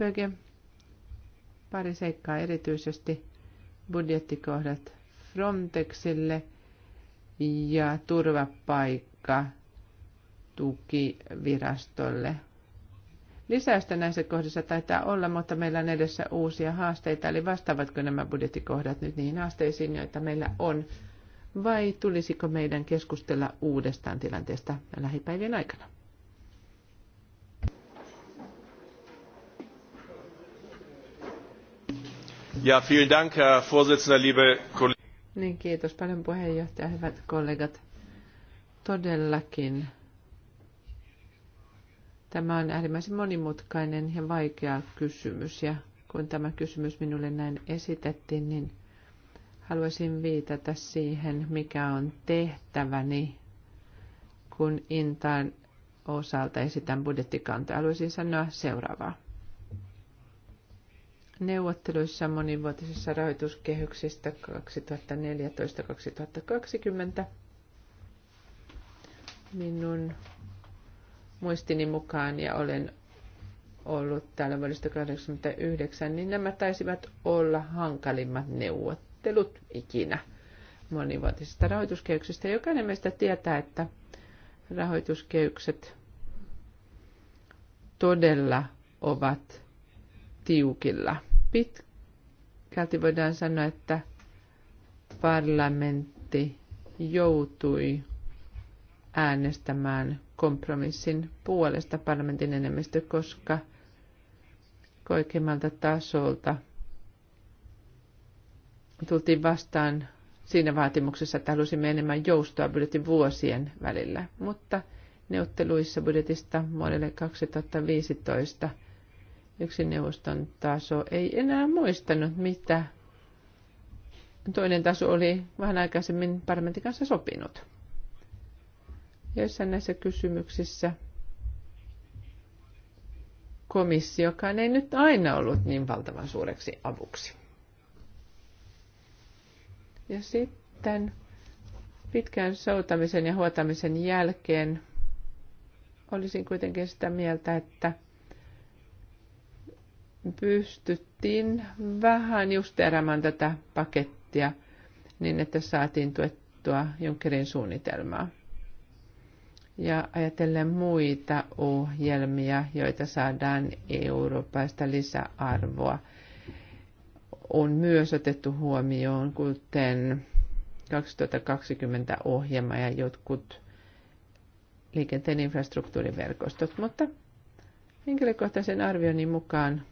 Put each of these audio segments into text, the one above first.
Böge, pari seikkaa erityisesti budjettikohdat Frontexille ja turvapaikka tukivirastolle. Lisäystä näissä kohdissa taitaa olla, mutta meillä on edessä uusia haasteita, eli vastaavatko nämä budjettikohdat nyt niihin haasteisiin, joita meillä on, vai tulisiko meidän keskustella uudestaan tilanteesta lähipäivien aikana? Ja, vielen Dank, Herr Vorsitzender, liebe Kollegen. Niin, kiitos paljon puheenjohtaja, hyvät kollegat. Todellakin. Tämä on äärimmäisen monimutkainen ja vaikea kysymys ja kun tämä kysymys minulle näin esitettiin, niin haluaisin viitata siihen, mikä on tehtäväni, kun Intaan osalta esitän budjettikantoja. Haluaisin sanoa seuraavaa neuvotteluissa monivuotisissa rahoituskehyksistä 2014-2020. Minun muistini mukaan ja olen ollut täällä vuodesta 1989, niin nämä taisivat olla hankalimmat neuvottelut ikinä monivuotisista rahoituskeyksistä. Jokainen meistä tietää, että rahoituskehykset todella ovat tiukilla Pitkälti voidaan sanoa, että parlamentti joutui äänestämään kompromissin puolesta parlamentin enemmistö, koska koikeimmalta tasolta tultiin vastaan siinä vaatimuksessa, että halusimme enemmän joustoa budjetin vuosien välillä. Mutta neuvotteluissa budjetista vuodelle 2015 yksi neuvoston taso ei enää muistanut, mitä toinen taso oli vähän aikaisemmin parlamentin kanssa sopinut. Joissain näissä kysymyksissä komissiokaan ei nyt aina ollut niin valtavan suureksi avuksi. Ja sitten pitkän soutamisen ja huotamisen jälkeen olisin kuitenkin sitä mieltä, että – pystyttiin vähän justeeraamaan tätä pakettia niin, että saatiin tuettua Junckerin suunnitelmaa. Ja ajatellen muita ohjelmia, joita saadaan eurooppaista lisäarvoa, on myös otettu huomioon, kuten 2020 ohjelma ja jotkut liikenteen infrastruktuuriverkostot, mutta henkilökohtaisen arvioni mukaan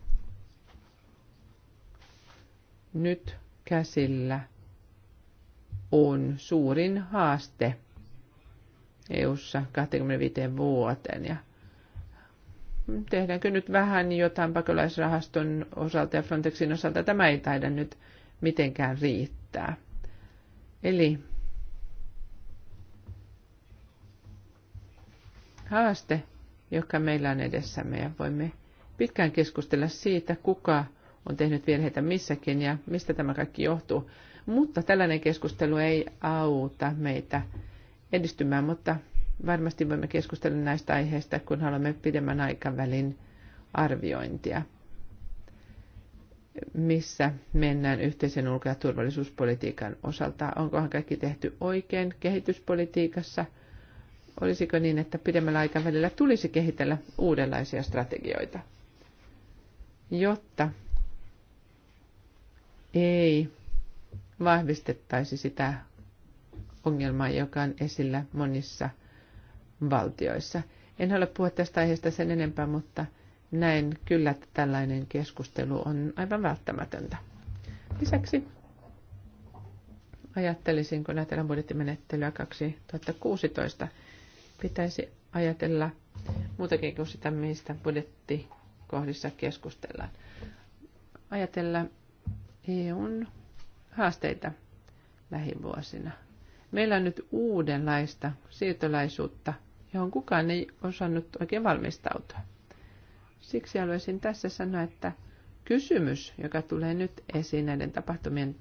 nyt käsillä on suurin haaste EU-ssa 25 vuoteen. Ja tehdäänkö nyt vähän jotain pakolaisrahaston osalta ja Frontexin osalta? Tämä ei taida nyt mitenkään riittää. Eli haaste, joka meillä on edessämme ja voimme pitkään keskustella siitä, kuka on tehnyt virheitä missäkin ja mistä tämä kaikki johtuu. Mutta tällainen keskustelu ei auta meitä edistymään, mutta varmasti voimme keskustella näistä aiheista, kun haluamme pidemmän aikavälin arviointia, missä mennään yhteisen ulko- ja turvallisuuspolitiikan osalta. Onkohan kaikki tehty oikein kehityspolitiikassa? Olisiko niin, että pidemmällä aikavälillä tulisi kehitellä uudenlaisia strategioita, jotta ei vahvistettaisi sitä ongelmaa, joka on esillä monissa valtioissa. En halua puhua tästä aiheesta sen enempää, mutta näen kyllä, että tällainen keskustelu on aivan välttämätöntä. Lisäksi ajattelisin, kun ajatellaan budjettimenettelyä 2016, pitäisi ajatella muutakin kuin sitä, mistä budjettikohdissa keskustellaan. Ajatella EUn haasteita lähivuosina. Meillä on nyt uudenlaista siirtolaisuutta, johon kukaan ei osannut oikein valmistautua. Siksi haluaisin tässä sanoa, että kysymys, joka tulee nyt esiin näiden tapahtumien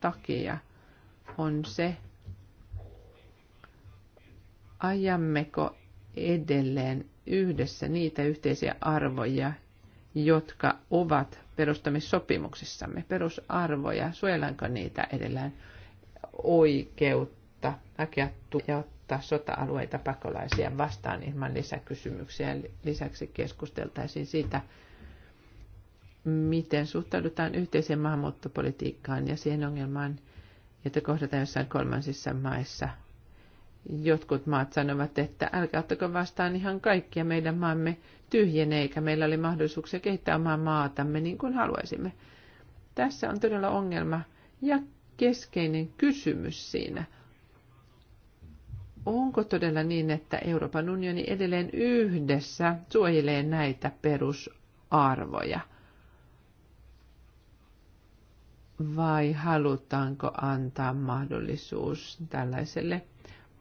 takia, on se, ajammeko edelleen yhdessä niitä yhteisiä arvoja, jotka ovat perustamissopimuksissamme, perusarvoja, suojellaanko niitä edelleen oikeutta hakea ja ottaa sota-alueita pakolaisia vastaan ilman lisäkysymyksiä. Lisäksi keskusteltaisiin siitä, miten suhtaudutaan yhteiseen maahanmuuttopolitiikkaan ja siihen ongelmaan, että kohdataan jossain kolmansissa maissa – jotkut maat sanovat, että älkää ottako vastaan ihan kaikkia meidän maamme tyhjenee, eikä meillä oli mahdollisuuksia kehittää omaa maatamme niin kuin haluaisimme. Tässä on todella ongelma ja keskeinen kysymys siinä. Onko todella niin, että Euroopan unioni edelleen yhdessä suojelee näitä perusarvoja? Vai halutaanko antaa mahdollisuus tällaiselle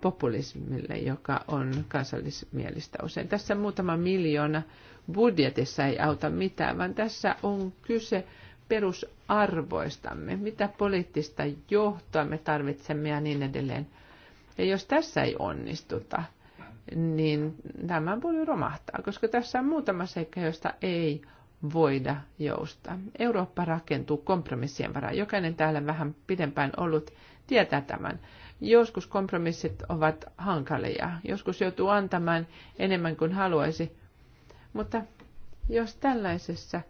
populismille, joka on kansallismielistä usein. Tässä muutama miljoona budjetissa ei auta mitään, vaan tässä on kyse perusarvoistamme, mitä poliittista johtoa me tarvitsemme ja niin edelleen. Ja jos tässä ei onnistuta, niin tämä voi romahtaa, koska tässä on muutama seikka, josta ei voida joustaa. Eurooppa rakentuu kompromissien varaan. Jokainen täällä vähän pidempään ollut tietää tämän. Joskus kompromissit ovat hankalia, joskus joutuu antamaan enemmän kuin haluaisi. Mutta jos tällaisessa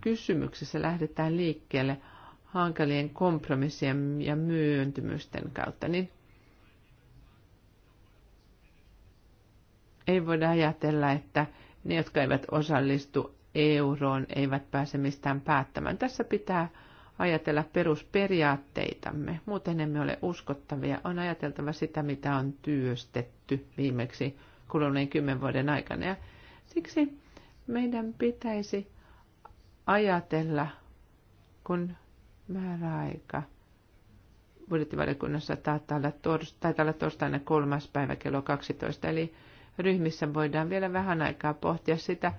kysymyksessä lähdetään liikkeelle hankalien kompromissien ja myöntymysten kautta, niin ei voida ajatella, että ne, jotka eivät osallistu euroon, eivät pääse mistään päättämään. Tässä pitää ajatella perusperiaatteitamme. Muuten emme ole uskottavia. On ajateltava sitä, mitä on työstetty viimeksi kuluneen kymmenen vuoden aikana. Ja siksi meidän pitäisi ajatella, kun määräaika budjettivaliokunnassa taitaa olla, tors, taitaa olla torstaina kolmas päivä kello 12, eli ryhmissä voidaan vielä vähän aikaa pohtia sitä,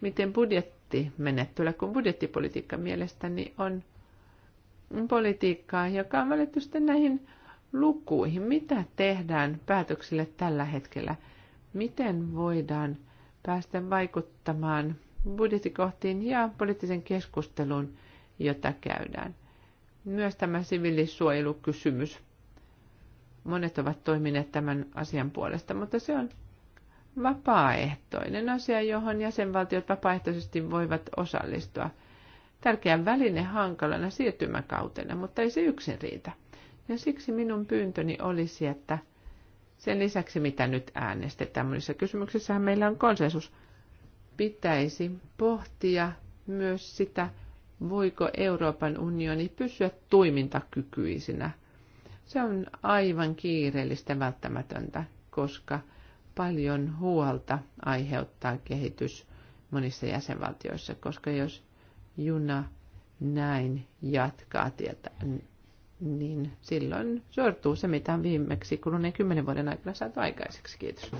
miten budjetti budjettimenettelyä, kun budjettipolitiikka mielestäni on politiikkaa, joka on välitty sitten näihin lukuihin. Mitä tehdään päätöksille tällä hetkellä? Miten voidaan päästä vaikuttamaan budjettikohtiin ja poliittisen keskustelun, jota käydään? Myös tämä siviilisuojelukysymys. Monet ovat toimineet tämän asian puolesta, mutta se on vapaaehtoinen asia, johon jäsenvaltiot vapaaehtoisesti voivat osallistua – tärkeä väline hankalana siirtymäkautena, mutta ei se yksin riitä. Ja siksi minun pyyntöni olisi, että sen lisäksi, mitä nyt äänestetään, monissa kysymyksissähän meillä on konsensus, pitäisi pohtia myös sitä, voiko Euroopan unioni pysyä toimintakykyisinä. Se on aivan kiireellistä välttämätöntä, koska paljon huolta aiheuttaa kehitys monissa jäsenvaltioissa, koska jos juna näin jatkaa tietä, niin silloin sortuu se, mitä on viimeksi kuluneen kymmenen vuoden aikana saatu aikaiseksi. Kiitos.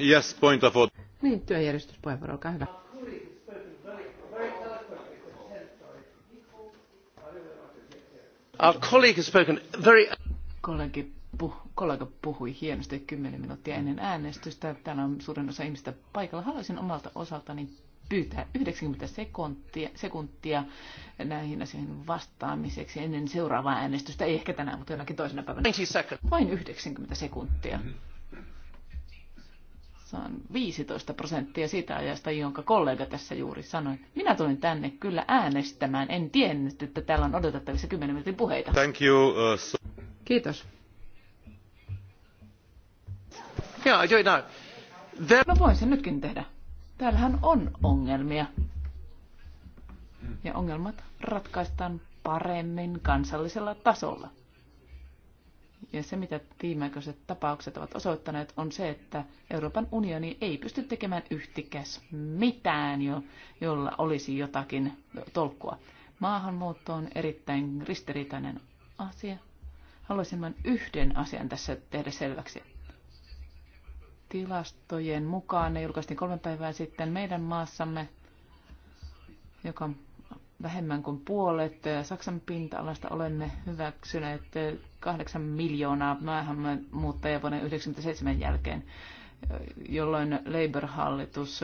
Yes, point of order. Niin, työjärjestyspuheenvuoro, olkaa hyvä. Our colleague has spoken very... Kollegi, puh, kollega puhui hienosti kymmenen minuuttia ennen äänestystä. Täällä on suurin osa ihmistä paikalla. Haluaisin omalta osaltani pyytää 90 sekuntia, sekuntia näihin asioihin vastaamiseksi ennen seuraavaa äänestystä. Ei ehkä tänään, mutta jonakin toisena päivänä. Vain 90 sekuntia. Se on 15 prosenttia sitä ajasta, jonka kollega tässä juuri sanoi. Minä tulin tänne kyllä äänestämään. En tiennyt, että täällä on odotettavissa 10 minuutin puheita. Thank you, uh, so- Kiitos. Yeah, I do it now. There... Mä no voin sen nytkin tehdä. Täällähän on ongelmia. Ja ongelmat ratkaistaan paremmin kansallisella tasolla. Ja se, mitä viimeaikaiset tapaukset ovat osoittaneet, on se, että Euroopan unioni ei pysty tekemään yhtikäs mitään, jo, jolla olisi jotakin tolkkua. Maahanmuutto on erittäin ristiriitainen asia. Haluaisin vain yhden asian tässä tehdä selväksi tilastojen mukaan, ne julkaistiin kolme päivää sitten meidän maassamme, joka on vähemmän kuin puolet Saksan pinta-alasta olemme hyväksyneet 8 miljoonaa maahanmuuttajia vuoden 1997 jälkeen, jolloin Labour-hallitus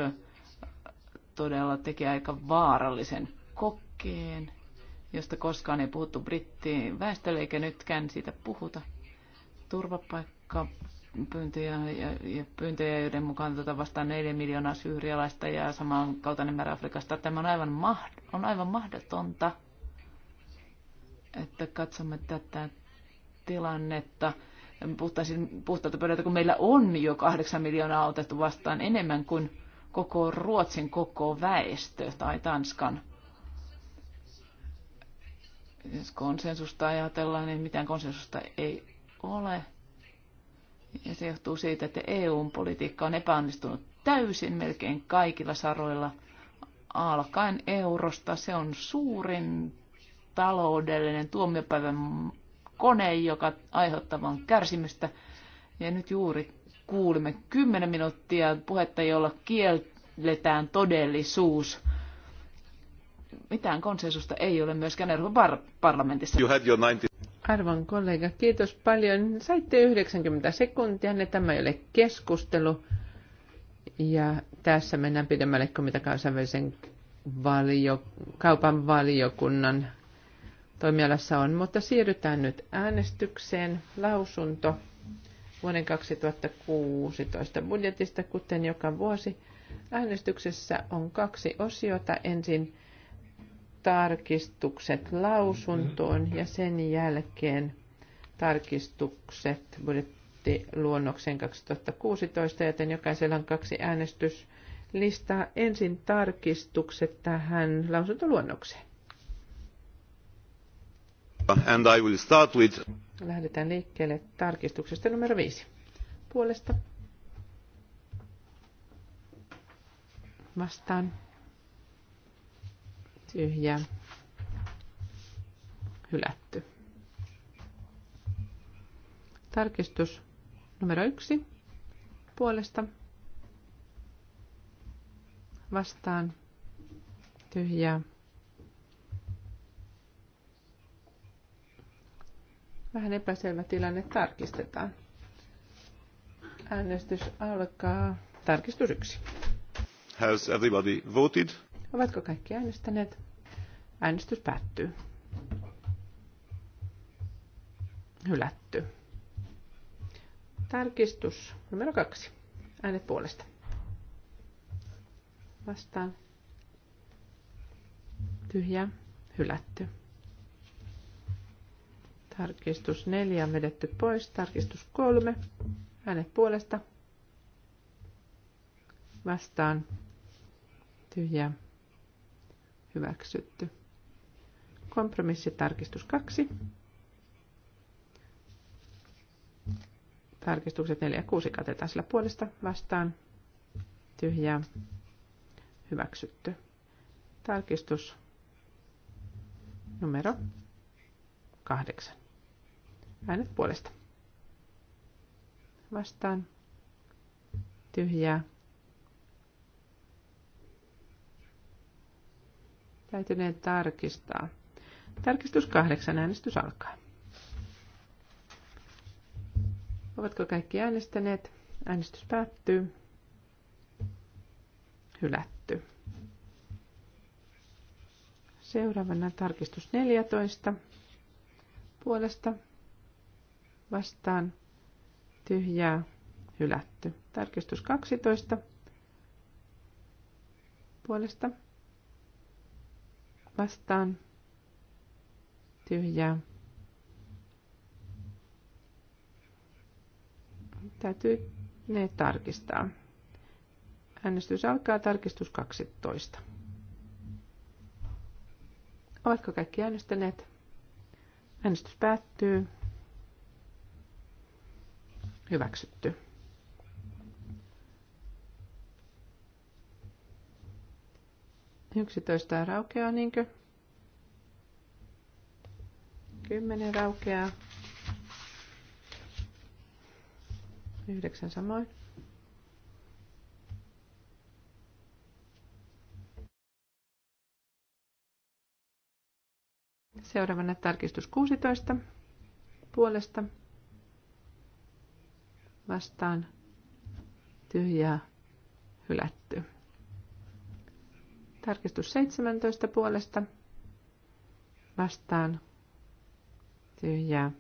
todella teki aika vaarallisen kokeen, josta koskaan ei puhuttu brittiin väestölle, eikä nytkään siitä puhuta. Turvapaikka pyyntöjä, ja, ja pyyntöjä joiden mukaan tuota vastaan 4 miljoonaa syyrialaista ja samankaltainen määrä Afrikasta. Tämä on aivan, mahd, on aivan mahdotonta, että katsomme tätä tilannetta puhtaalta pöydältä, kun meillä on jo 8 miljoonaa otettu vastaan enemmän kuin koko Ruotsin koko väestö tai Tanskan jos konsensusta ajatellaan, niin mitään konsensusta ei ole. Ja se johtuu siitä, että EUn politiikka on epäonnistunut täysin melkein kaikilla saroilla. Alkaen eurosta se on suurin taloudellinen tuomiopäivän kone, joka aiheuttaa vain kärsimystä. Ja nyt juuri kuulimme 10 minuuttia puhetta, jolla kielletään todellisuus. Mitään konsensusta ei ole myöskään Euroopan parlamentissa. You had your 90... Arvon kollega, kiitos paljon. Saitte 90 sekuntia, ne niin tämä ei ole keskustelu. Ja tässä mennään pidemmälle kuin mitä kansainvälisen valio, kaupan valiokunnan toimialassa on. Mutta siirrytään nyt äänestykseen. Lausunto vuoden 2016 budjetista, kuten joka vuosi. Äänestyksessä on kaksi osiota. Ensin tarkistukset lausuntoon ja sen jälkeen tarkistukset budjettiluonnokseen 2016, joten jokaisella on kaksi äänestyslistaa. Ensin tarkistukset tähän lausuntoluonnokseen. And I will start with... Lähdetään liikkeelle tarkistuksesta numero viisi. Puolesta. Vastaan tyhjä, hylätty. Tarkistus numero yksi puolesta vastaan tyhjä. Vähän epäselvä tilanne tarkistetaan. Äänestys alkaa. Tarkistus yksi. Has everybody voted? Ovatko kaikki äänestäneet? Äänestys päättyy. Hylätty. Tarkistus numero kaksi. Äänet puolesta. Vastaan. Tyhjä. Hylätty. Tarkistus neljä on vedetty pois. Tarkistus kolme. Äänet puolesta. Vastaan. Tyhjä. Hyväksytty. Kompromissitarkistus 2. Tarkistukset 4 ja 6 katetaan sillä puolesta vastaan. Tyhjää. Hyväksytty. Tarkistus numero 8. Äänet puolesta. Vastaan. Tyhjää. Täytyy tarkistaa. Tarkistus kahdeksan. Äänestys alkaa. Ovatko kaikki äänestäneet? Äänestys päättyy. Hylätty. Seuraavana tarkistus 14. Puolesta vastaan tyhjää hylätty. Tarkistus 12. Puolesta vastaan tyhjää. Täytyy ne tarkistaa. Äänestys alkaa tarkistus 12. Ovatko kaikki äänestäneet? Äänestys päättyy. Hyväksytty. Yksitoista raukeaa, niinkö? 10 raukeaa. 9 samoin. Seuraavana tarkistus 16 puolesta vastaan tyhjää hylätty. Tarkistus 17 puolesta vastaan tyhjää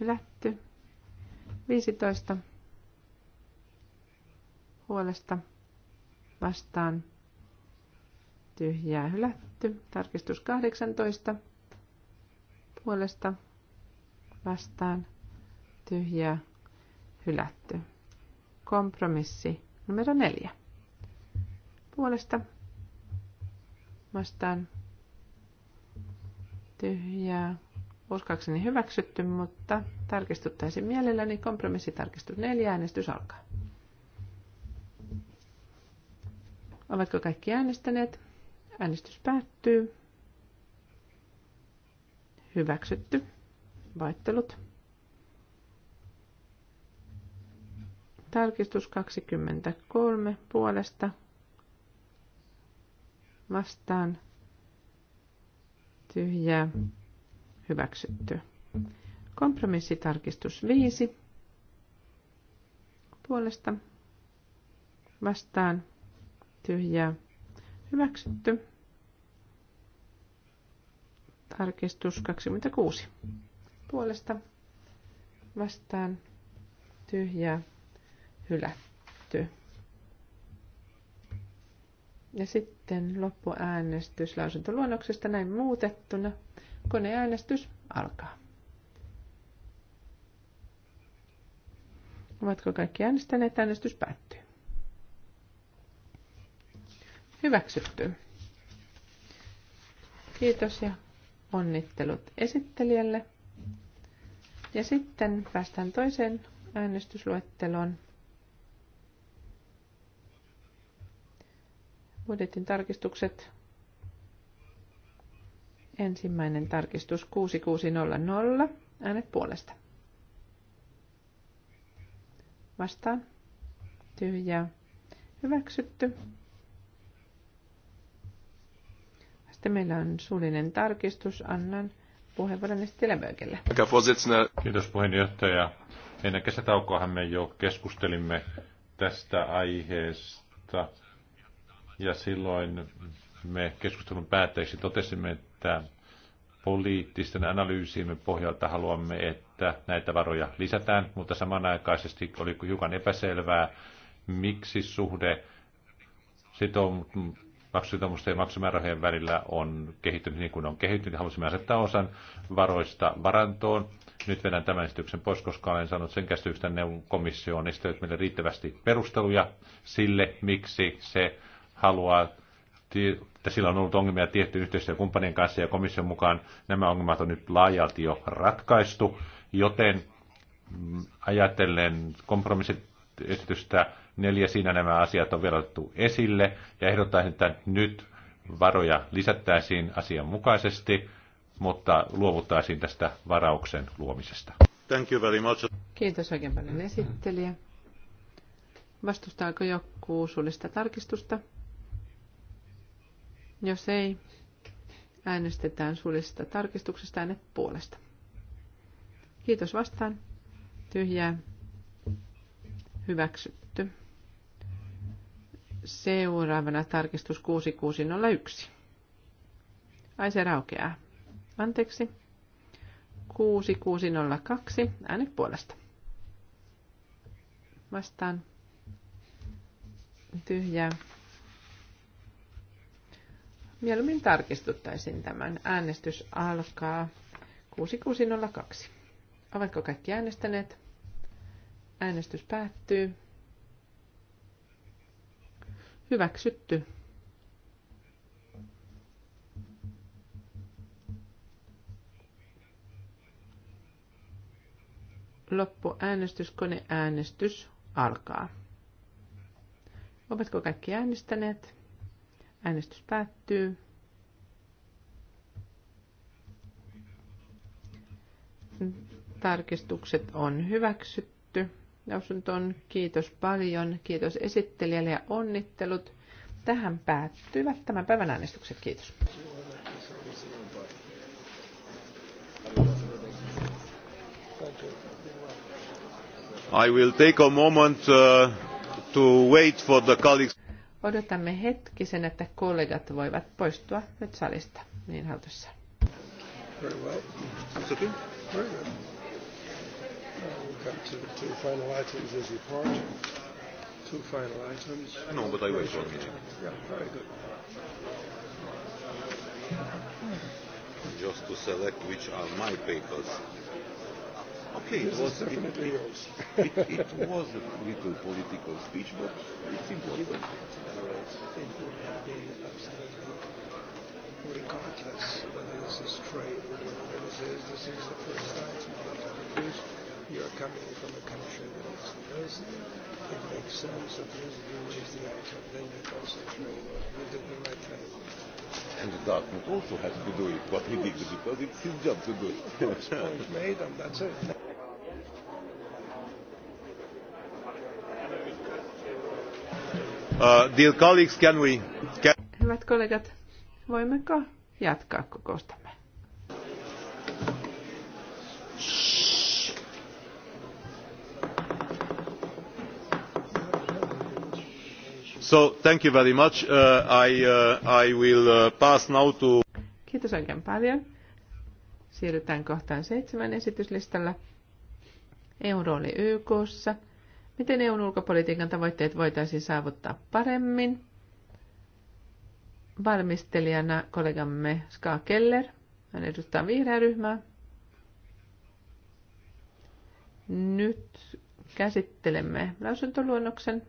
hylätty. 15 puolesta vastaan tyhjää hylätty. Tarkistus 18 puolesta vastaan tyhjää hylätty. Kompromissi numero 4 puolesta vastaan tyhjää uskoakseni hyväksytty, mutta tarkistuttaisin mielelläni. Kompromissitarkistus neljä, äänestys alkaa. Ovatko kaikki äänestäneet? Äänestys päättyy. Hyväksytty. Vaittelut. Tarkistus 23 puolesta vastaan tyhjää Hyväksytty. Kompromissitarkistus 5. Puolesta vastaan tyhjää. Hyväksytty. Tarkistus 26. Puolesta vastaan tyhjää. Hylätty. Ja sitten loppuäänestys lausuntoluonnoksesta näin muutettuna. Koneäänestys alkaa. Ovatko kaikki äänestäneet? Äänestys päättyy. Hyväksytty. Kiitos ja onnittelut esittelijälle. Ja sitten päästään toiseen äänestysluetteloon. Budjetin tarkistukset Ensimmäinen tarkistus 6600. Äänet puolesta. Vastaan. Tyhjää. Hyväksytty. Sitten meillä on suullinen tarkistus. Annan puheenvuoron Stilebökelle. Kiitos puheenjohtaja. Ennen kesätaukoahan me jo keskustelimme tästä aiheesta ja silloin me keskustelun päätteeksi totesimme, että että poliittisten analyysiimme pohjalta haluamme, että näitä varoja lisätään, mutta samanaikaisesti oli hiukan epäselvää, miksi suhde maksusitoumusten ja maksumäärärahojen välillä on kehittynyt niin kuin on kehittynyt. Halusimme asettaa osan varoista varantoon. Nyt vedän tämän esityksen pois, koska olen saanut sen käsityksen tänne komissioon esittänyt meille riittävästi perusteluja sille, miksi se haluaa että sillä on ollut ongelmia tiettyjen yhteistyökumppanien kanssa ja komission mukaan nämä ongelmat on nyt laajalti jo ratkaistu, joten mm, ajatellen kompromissiesitystä neljä siinä nämä asiat on vielä otettu esille ja ehdottaisin, että nyt varoja lisättäisiin asianmukaisesti, mutta luovuttaisiin tästä varauksen luomisesta. Thank you very much. Kiitos oikein paljon esittelijä. Vastustaako joku suullista tarkistusta? Jos ei, äänestetään suullisesta tarkistuksesta äänet puolesta. Kiitos vastaan. Tyhjää. Hyväksytty. Seuraavana tarkistus 6601. Ai se raukeaa. Anteeksi. 6602. Äänet puolesta. Vastaan. Tyhjää. Mieluummin tarkistuttaisin tämän. Äänestys alkaa 6602. Ovatko kaikki äänestäneet? Äänestys päättyy. Hyväksytty. Loppu. Äänestyskone äänestys alkaa. Ovatko kaikki äänestäneet? Äänestys päättyy. Tarkistukset on hyväksytty. Lausuntoon kiitos paljon. Kiitos esittelijälle ja onnittelut. Tähän päättyvät tämän päivän äänestykset. Kiitos. I will take a moment uh, to wait for the colleagues. Odotamme hetkisen, että kollegat voivat poistua nyt salista niin halutessa. No, Just to select which are my papers. Okay, it was, it, it, it, was a little political speech, but it's important. Regardless whether this is trade or whether this is, this is the first time it's not you are coming from a country that is diversity, it makes sense that there is a new way to the outcome, then you also concentrate. You did the right thing. And the document also has to do it, what he did, because it's his job to do it. point made, and that's it. Uh, dear colleagues, can we, can... Hyvät kollegat, voimmeko jatkaa kokoustamme? thank you very much. Uh, I, uh, I will uh, pass now to... Kiitos oikein paljon. Siirrytään kohtaan seitsemän esityslistalla. Euro oli YKssa. Miten EUn ulkopolitiikan tavoitteet voitaisiin saavuttaa paremmin? Valmistelijana kollegamme Ska Keller. Hän edustaa vihreää ryhmää. Nyt käsittelemme lausuntoluonnoksen.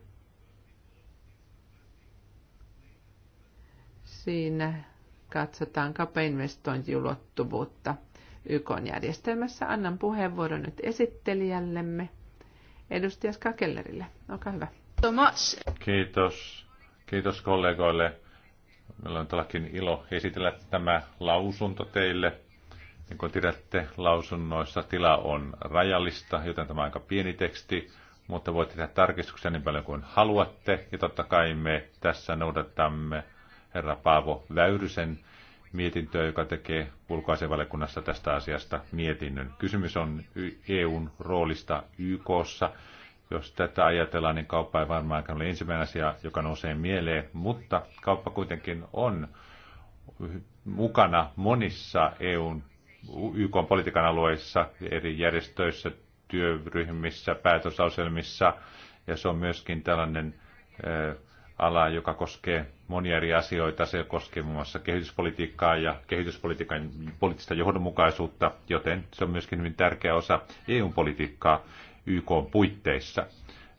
Siinä katsotaan kapainvestointiulottuvuutta YKn järjestelmässä. Annan puheenvuoron nyt esittelijällemme, edustaja Skakellerille. Olkaa hyvä. Kiitos. Kiitos kollegoille. Meillä on todellakin ilo esitellä tämä lausunto teille. Niin kuin tiedätte, lausunnoissa tila on rajallista, joten tämä on aika pieni teksti, mutta voitte tehdä tarkistuksia niin paljon kuin haluatte. Ja totta kai me tässä noudatamme herra Paavo Väyrysen mietintöä, joka tekee ulkoasevaliokunnassa tästä asiasta mietinnön. Kysymys on EUn roolista YKssa. Jos tätä ajatellaan, niin kauppa ei varmaan ole ensimmäinen asia, joka nousee mieleen, mutta kauppa kuitenkin on mukana monissa EUn YKn politiikan alueissa, eri järjestöissä, työryhmissä, päätösauselmissa, ja se on myöskin tällainen äh, alaa, joka koskee monia eri asioita. Se koskee muun muassa kehityspolitiikkaa ja kehityspolitiikan poliittista johdonmukaisuutta, joten se on myöskin hyvin tärkeä osa EU-politiikkaa YK puitteissa.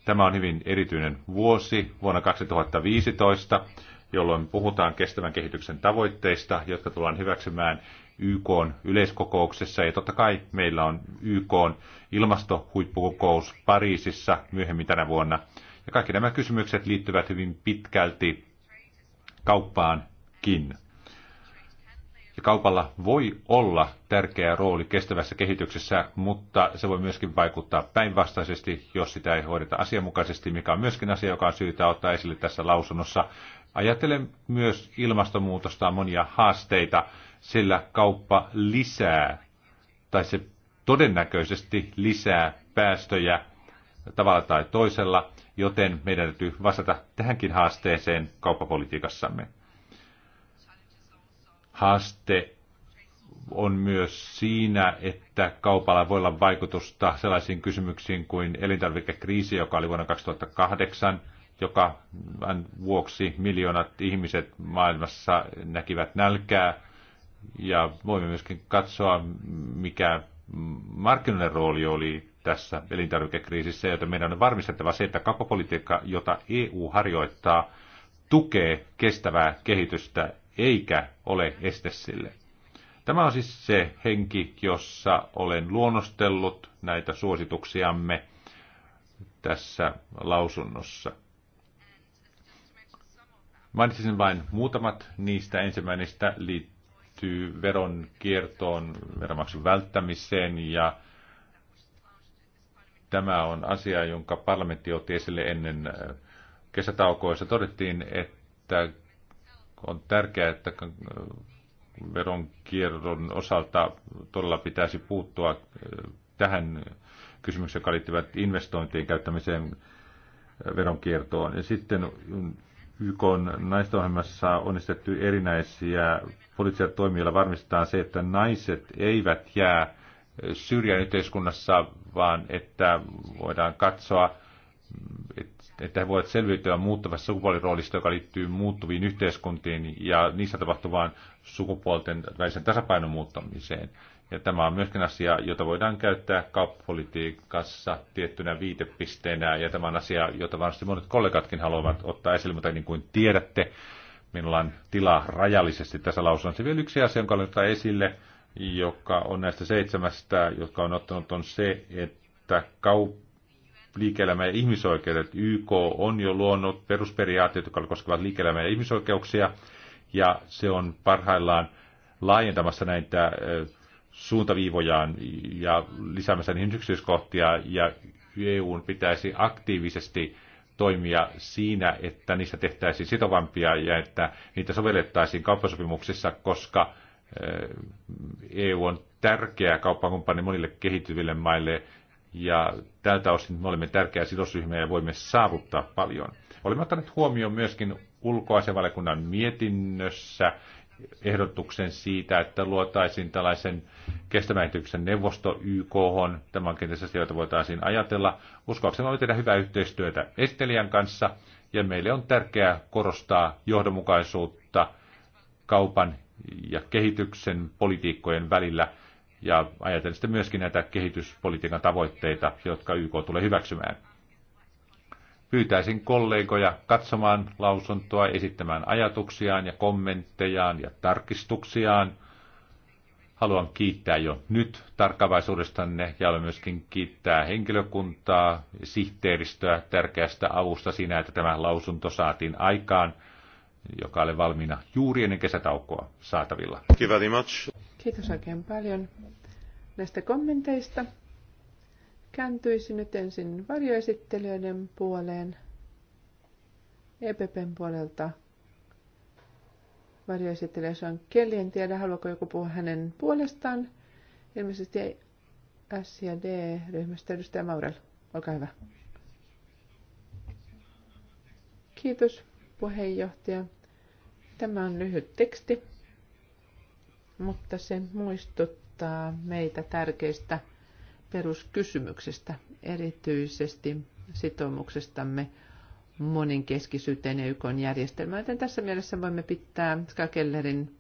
Tämä on hyvin erityinen vuosi vuonna 2015, jolloin puhutaan kestävän kehityksen tavoitteista, jotka tullaan hyväksymään YK yleiskokouksessa. Ja totta kai meillä on YK ilmastohuippukokous Pariisissa myöhemmin tänä vuonna – ja kaikki nämä kysymykset liittyvät hyvin pitkälti kauppaankin. Ja kaupalla voi olla tärkeä rooli kestävässä kehityksessä, mutta se voi myöskin vaikuttaa päinvastaisesti, jos sitä ei hoideta asianmukaisesti, mikä on myöskin asia, joka on syytä ottaa esille tässä lausunnossa. Ajattelen myös ilmastonmuutosta monia haasteita, sillä kauppa lisää, tai se todennäköisesti lisää päästöjä tavalla tai toisella, joten meidän täytyy vastata tähänkin haasteeseen kauppapolitiikassamme. Haaste on myös siinä, että kaupalla voi olla vaikutusta sellaisiin kysymyksiin kuin elintarvikekriisi, joka oli vuonna 2008, joka vuoksi miljoonat ihmiset maailmassa näkivät nälkää. Ja voimme myöskin katsoa, mikä markkinoiden rooli oli tässä elintarvikekriisissä, joten meidän on varmistettava se, että kauppapolitiikka, jota EU harjoittaa, tukee kestävää kehitystä eikä ole este sille. Tämä on siis se henki, jossa olen luonnostellut näitä suosituksiamme tässä lausunnossa. Mainitsin vain muutamat niistä. Ensimmäinen liittyy veron kiertoon, veronmaksun välttämiseen ja Tämä on asia, jonka parlamentti otti esille ennen äh, kesätaukoissa. Todettiin, että on tärkeää, että äh, veronkierron osalta todella pitäisi puuttua äh, tähän kysymykseen, joka liittyvät investointien käyttämiseen veronkiertoon. Ja sitten mm, YK naistohjelmassa on esitetty erinäisiä poliittisia toimia, joilla varmistetaan se, että naiset eivät jää Syrjän yhteiskunnassa, vaan että voidaan katsoa, että he voivat selviytyä muuttuvasta sukupuoliroolista, joka liittyy muuttuviin yhteiskuntiin ja niissä tapahtuvaan sukupuolten välisen tasapainon muuttamiseen. Ja tämä on myöskin asia, jota voidaan käyttää kauppapolitiikassa tiettynä viitepisteenä, ja tämä on asia, jota varmasti monet kollegatkin haluavat ottaa esille, mutta niin kuin tiedätte, minulla on tilaa rajallisesti tässä lausunnossa. Vielä yksi asia, jonka olen ottaa esille, joka on näistä seitsemästä, jotka on ottanut, on se, että kaup- liike ja ihmisoikeudet. YK on jo luonut perusperiaatteet, jotka koskevat liike ja ihmisoikeuksia, ja se on parhaillaan laajentamassa näitä suuntaviivojaan ja lisäämässä niihin yksityiskohtia, ja EU pitäisi aktiivisesti toimia siinä, että niistä tehtäisiin sitovampia ja että niitä sovellettaisiin kauppasopimuksissa, koska EU on tärkeä kauppakumppani monille kehittyville maille ja tältä osin me olemme tärkeä sidosryhmä ja voimme saavuttaa paljon. Olemme ottaneet huomioon myöskin ulkoasevaliokunnan mietinnössä ehdotuksen siitä, että luotaisiin tällaisen kestävän neuvosto YK. Tämä on kenties jota voitaisiin ajatella. Uskoakseni oli tehdä hyvää yhteistyötä esittelijän kanssa ja meille on tärkeää korostaa johdonmukaisuutta kaupan ja kehityksen politiikkojen välillä ja ajatellen sitten myöskin näitä kehityspolitiikan tavoitteita, jotka YK tulee hyväksymään. Pyytäisin kollegoja katsomaan lausuntoa, esittämään ajatuksiaan ja kommenttejaan ja tarkistuksiaan. Haluan kiittää jo nyt tarkkavaisuudestanne ja haluan myöskin kiittää henkilökuntaa, sihteeristöä tärkeästä avusta siinä, että tämä lausunto saatiin aikaan – joka oli valmiina juuri ennen kesätaukoa saatavilla. Kiitos oikein paljon näistä kommenteista. Kääntyisin nyt ensin varjoesittelijöiden puoleen. EPPn puolelta varjoesittelijä on Kelly. En tiedä, haluaako joku puhua hänen puolestaan. Ilmeisesti S- ja D-ryhmästä edustaja Maurel. Olkaa hyvä. Kiitos puheenjohtaja. Tämä on lyhyt teksti, mutta se muistuttaa meitä tärkeistä peruskysymyksistä, erityisesti sitoumuksestamme moninkeskisyyteen ja YKn järjestelmään. Joten tässä mielessä voimme pitää Skakellerin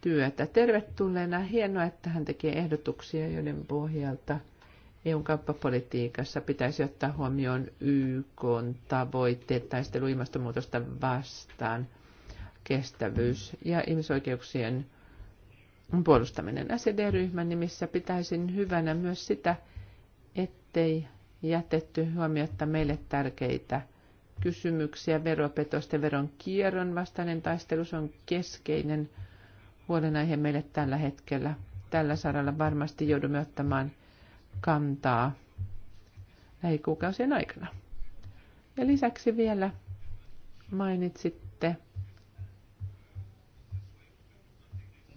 työtä tervetulleena. Hienoa, että hän tekee ehdotuksia, joiden pohjalta – EUn kauppapolitiikassa pitäisi ottaa huomioon YK tavoitteet, taistelu ilmastonmuutosta vastaan, kestävyys ja ihmisoikeuksien puolustaminen. SED-ryhmän nimissä pitäisin hyvänä myös sitä, ettei jätetty huomiota meille tärkeitä kysymyksiä. Veropetosten veron kierron vastainen taistelu on keskeinen huolenaihe meille tällä hetkellä. Tällä saralla varmasti joudumme ottamaan kantaa lähikuukausien aikana. Ja lisäksi vielä mainitsitte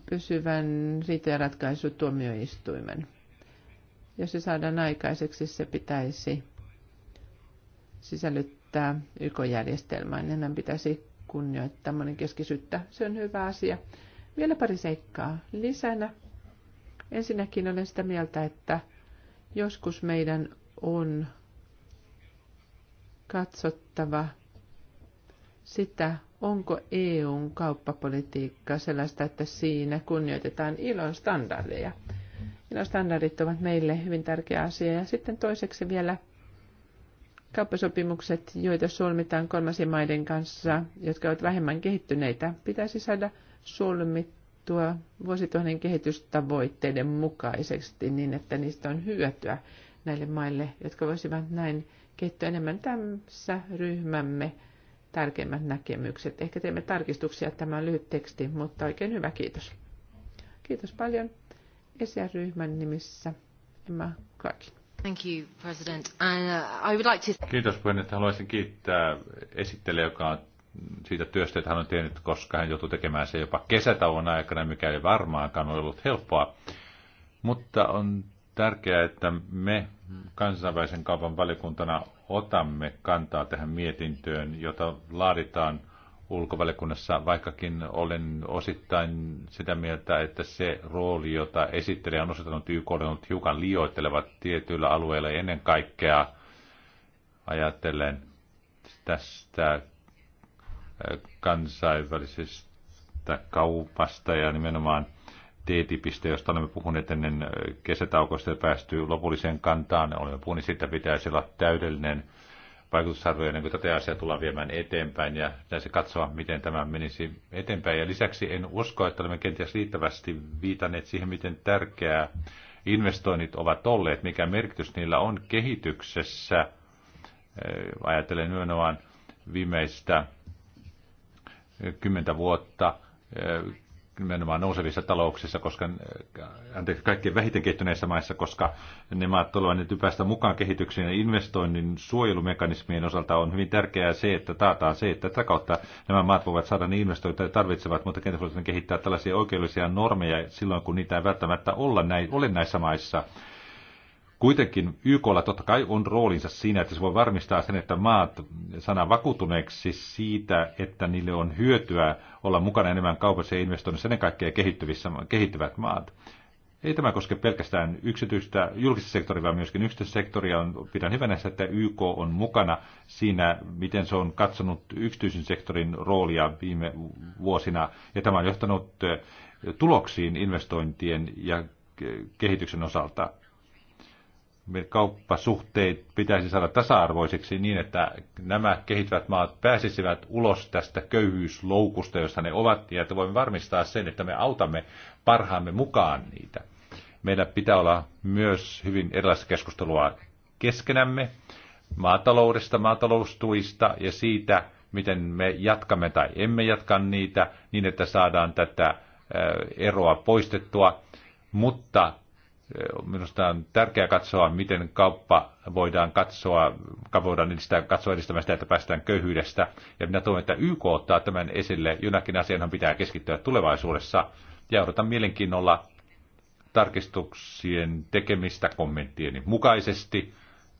pysyvän riitojenratkaisutuomioistuimen. Jos se saadaan aikaiseksi, se pitäisi sisällyttää YK-järjestelmään. Enää pitäisi kunnioittaa monenkeskisyyttä. Se on hyvä asia. Vielä pari seikkaa lisänä. Ensinnäkin olen sitä mieltä, että Joskus meidän on katsottava sitä, onko EUn kauppapolitiikka sellaista, että siinä kunnioitetaan ilon standardeja. Ilon standardit ovat meille hyvin tärkeä asia. Ja sitten toiseksi vielä kauppasopimukset, joita solmitaan kolmansien maiden kanssa, jotka ovat vähemmän kehittyneitä, pitäisi saada solmit tuo vuosituhannen kehitystavoitteiden mukaisesti niin, että niistä on hyötyä näille maille, jotka voisivat näin kehittyä enemmän tässä ryhmämme tärkeimmät näkemykset. Ehkä teemme tarkistuksia, tämän lyhyt teksti, mutta oikein hyvä, kiitos. Kiitos paljon. ESR-ryhmän nimissä Emma Clarkin. Thank you, President. And, uh, I would like to... Kiitos puheenjohtaja. Haluaisin kiittää esittelijä, joka on siitä työstä, että hän on tehnyt, koska hän joutui tekemään se jopa kesätauon aikana, mikä ei varmaankaan ole ollut helppoa. Mutta on tärkeää, että me kansainvälisen kaupan valiokuntana otamme kantaa tähän mietintöön, jota laaditaan ulkovalikunnassa, vaikkakin olen osittain sitä mieltä, että se rooli, jota esittelijä on osoittanut YK, on ollut hiukan liioitteleva tietyillä alueilla ennen kaikkea ajatellen tästä kansainvälisestä kaupasta ja nimenomaan TTIPistä, josta olemme puhuneet ennen kesätaukoista ja päästy lopulliseen kantaan. Olemme puhuneet, siitä pitäisi olla täydellinen vaikutusarvio ennen kuin tätä asiaa tullaan viemään eteenpäin ja pitäisi katsoa, miten tämä menisi eteenpäin. Ja lisäksi en usko, että olemme kenties riittävästi viitanneet siihen, miten tärkeää investoinnit ovat olleet, mikä merkitys niillä on kehityksessä. Ajattelen nimenomaan viimeistä kymmentä vuotta eh, nimenomaan nousevissa talouksissa, koska, eh, anteeksi, kaikkein vähiten kehittyneissä maissa, koska ne maat tulevat nyt päästä mukaan kehitykseen ja investoinnin suojelumekanismien osalta on hyvin tärkeää se, että taataan se, että tätä kautta nämä maat voivat saada ne investointeja tarvitsevat, mutta kenties kehittää tällaisia oikeudellisia normeja silloin, kun niitä ei välttämättä olla näin, ole näissä maissa. Kuitenkin YKlla totta kai on roolinsa siinä, että se voi varmistaa sen, että maat sana vakuutuneeksi siitä, että niille on hyötyä olla mukana enemmän kaupassa ja investoinnissa, ennen kaikkea kehittyvissä, kehittyvät maat. Ei tämä koske pelkästään yksityistä, julkista sektoria, vaan myöskin yksityistä sektoria. Pidän hyvänä sitä, että YK on mukana siinä, miten se on katsonut yksityisen sektorin roolia viime vuosina. Ja tämä on johtanut eh, tuloksiin investointien ja kehityksen osalta kauppasuhteet pitäisi saada tasa-arvoisiksi niin, että nämä kehittyvät maat pääsisivät ulos tästä köyhyysloukusta, jossa ne ovat, ja että voimme varmistaa sen, että me autamme parhaamme mukaan niitä. Meillä pitää olla myös hyvin erilaista keskustelua keskenämme maataloudesta, maataloustuista ja siitä, miten me jatkamme tai emme jatka niitä, niin että saadaan tätä eroa poistettua. Mutta Minusta on tärkeää katsoa, miten kauppa voidaan katsoa, voidaan edistää, katsoa edistämään sitä, että päästään köyhyydestä. Ja minä toivon, että YK ottaa tämän esille. Jonakin asianhan pitää keskittyä tulevaisuudessa. Ja odotan mielenkiinnolla tarkistuksien tekemistä kommenttieni mukaisesti,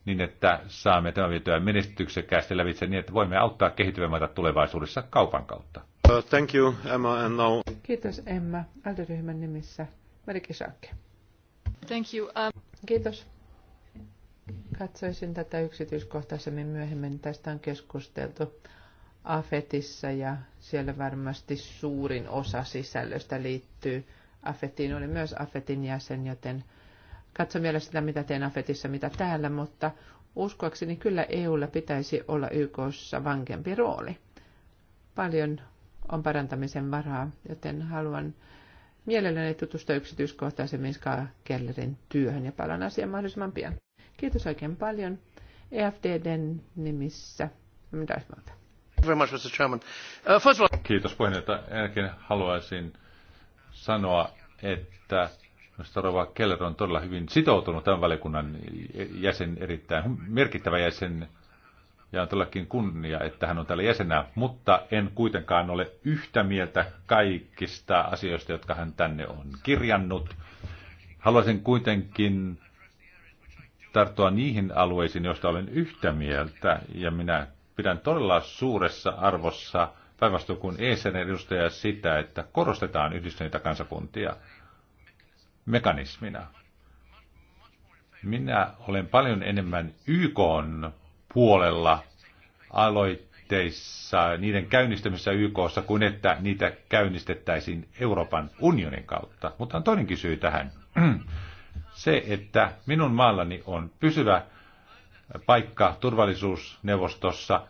niin että saamme tämän vietyä menestyksekkäästi lävitse niin, että voimme auttaa kehittyvämäitä tulevaisuudessa kaupan kautta. Uh, thank you, Emma, and now... Kiitos, Emma. Altoryhmän nimissä. Merkisakke. Thank you. Um... Kiitos. Katsoisin tätä yksityiskohtaisemmin myöhemmin. Tästä on keskusteltu AFETissa ja siellä varmasti suurin osa sisällöstä liittyy AFETiin. Olin myös AFETin jäsen, joten katso vielä sitä, mitä teen AFETissa, mitä täällä, mutta uskoakseni kyllä EUlla pitäisi olla YKssa vankempi rooli. Paljon on parantamisen varaa, joten haluan Mielelläni tutusta yksityiskohtaisemmin Skaa Kellerin työhön ja palaan asiaan mahdollisimman pian. Kiitos oikein paljon. EFDDn nimissä. Kiitos puheenjohtaja. Ensinnäkin haluaisin sanoa, että Minusta Rova Keller on todella hyvin sitoutunut tämän valiokunnan jäsen, erittäin merkittävä jäsen ja on todellakin kunnia, että hän on täällä jäsenä, mutta en kuitenkaan ole yhtä mieltä kaikista asioista, jotka hän tänne on kirjannut. Haluaisin kuitenkin tarttua niihin alueisiin, joista olen yhtä mieltä, ja minä pidän todella suuressa arvossa päinvastoin kuin ESN edustaja sitä, että korostetaan yhdistyneitä kansakuntia mekanismina. Minä olen paljon enemmän YK puolella aloitteissa, niiden käynnistämisessä YKssa, kuin että niitä käynnistettäisiin Euroopan unionin kautta. Mutta on toinenkin syy tähän. Se, että minun maallani on pysyvä paikka turvallisuusneuvostossa,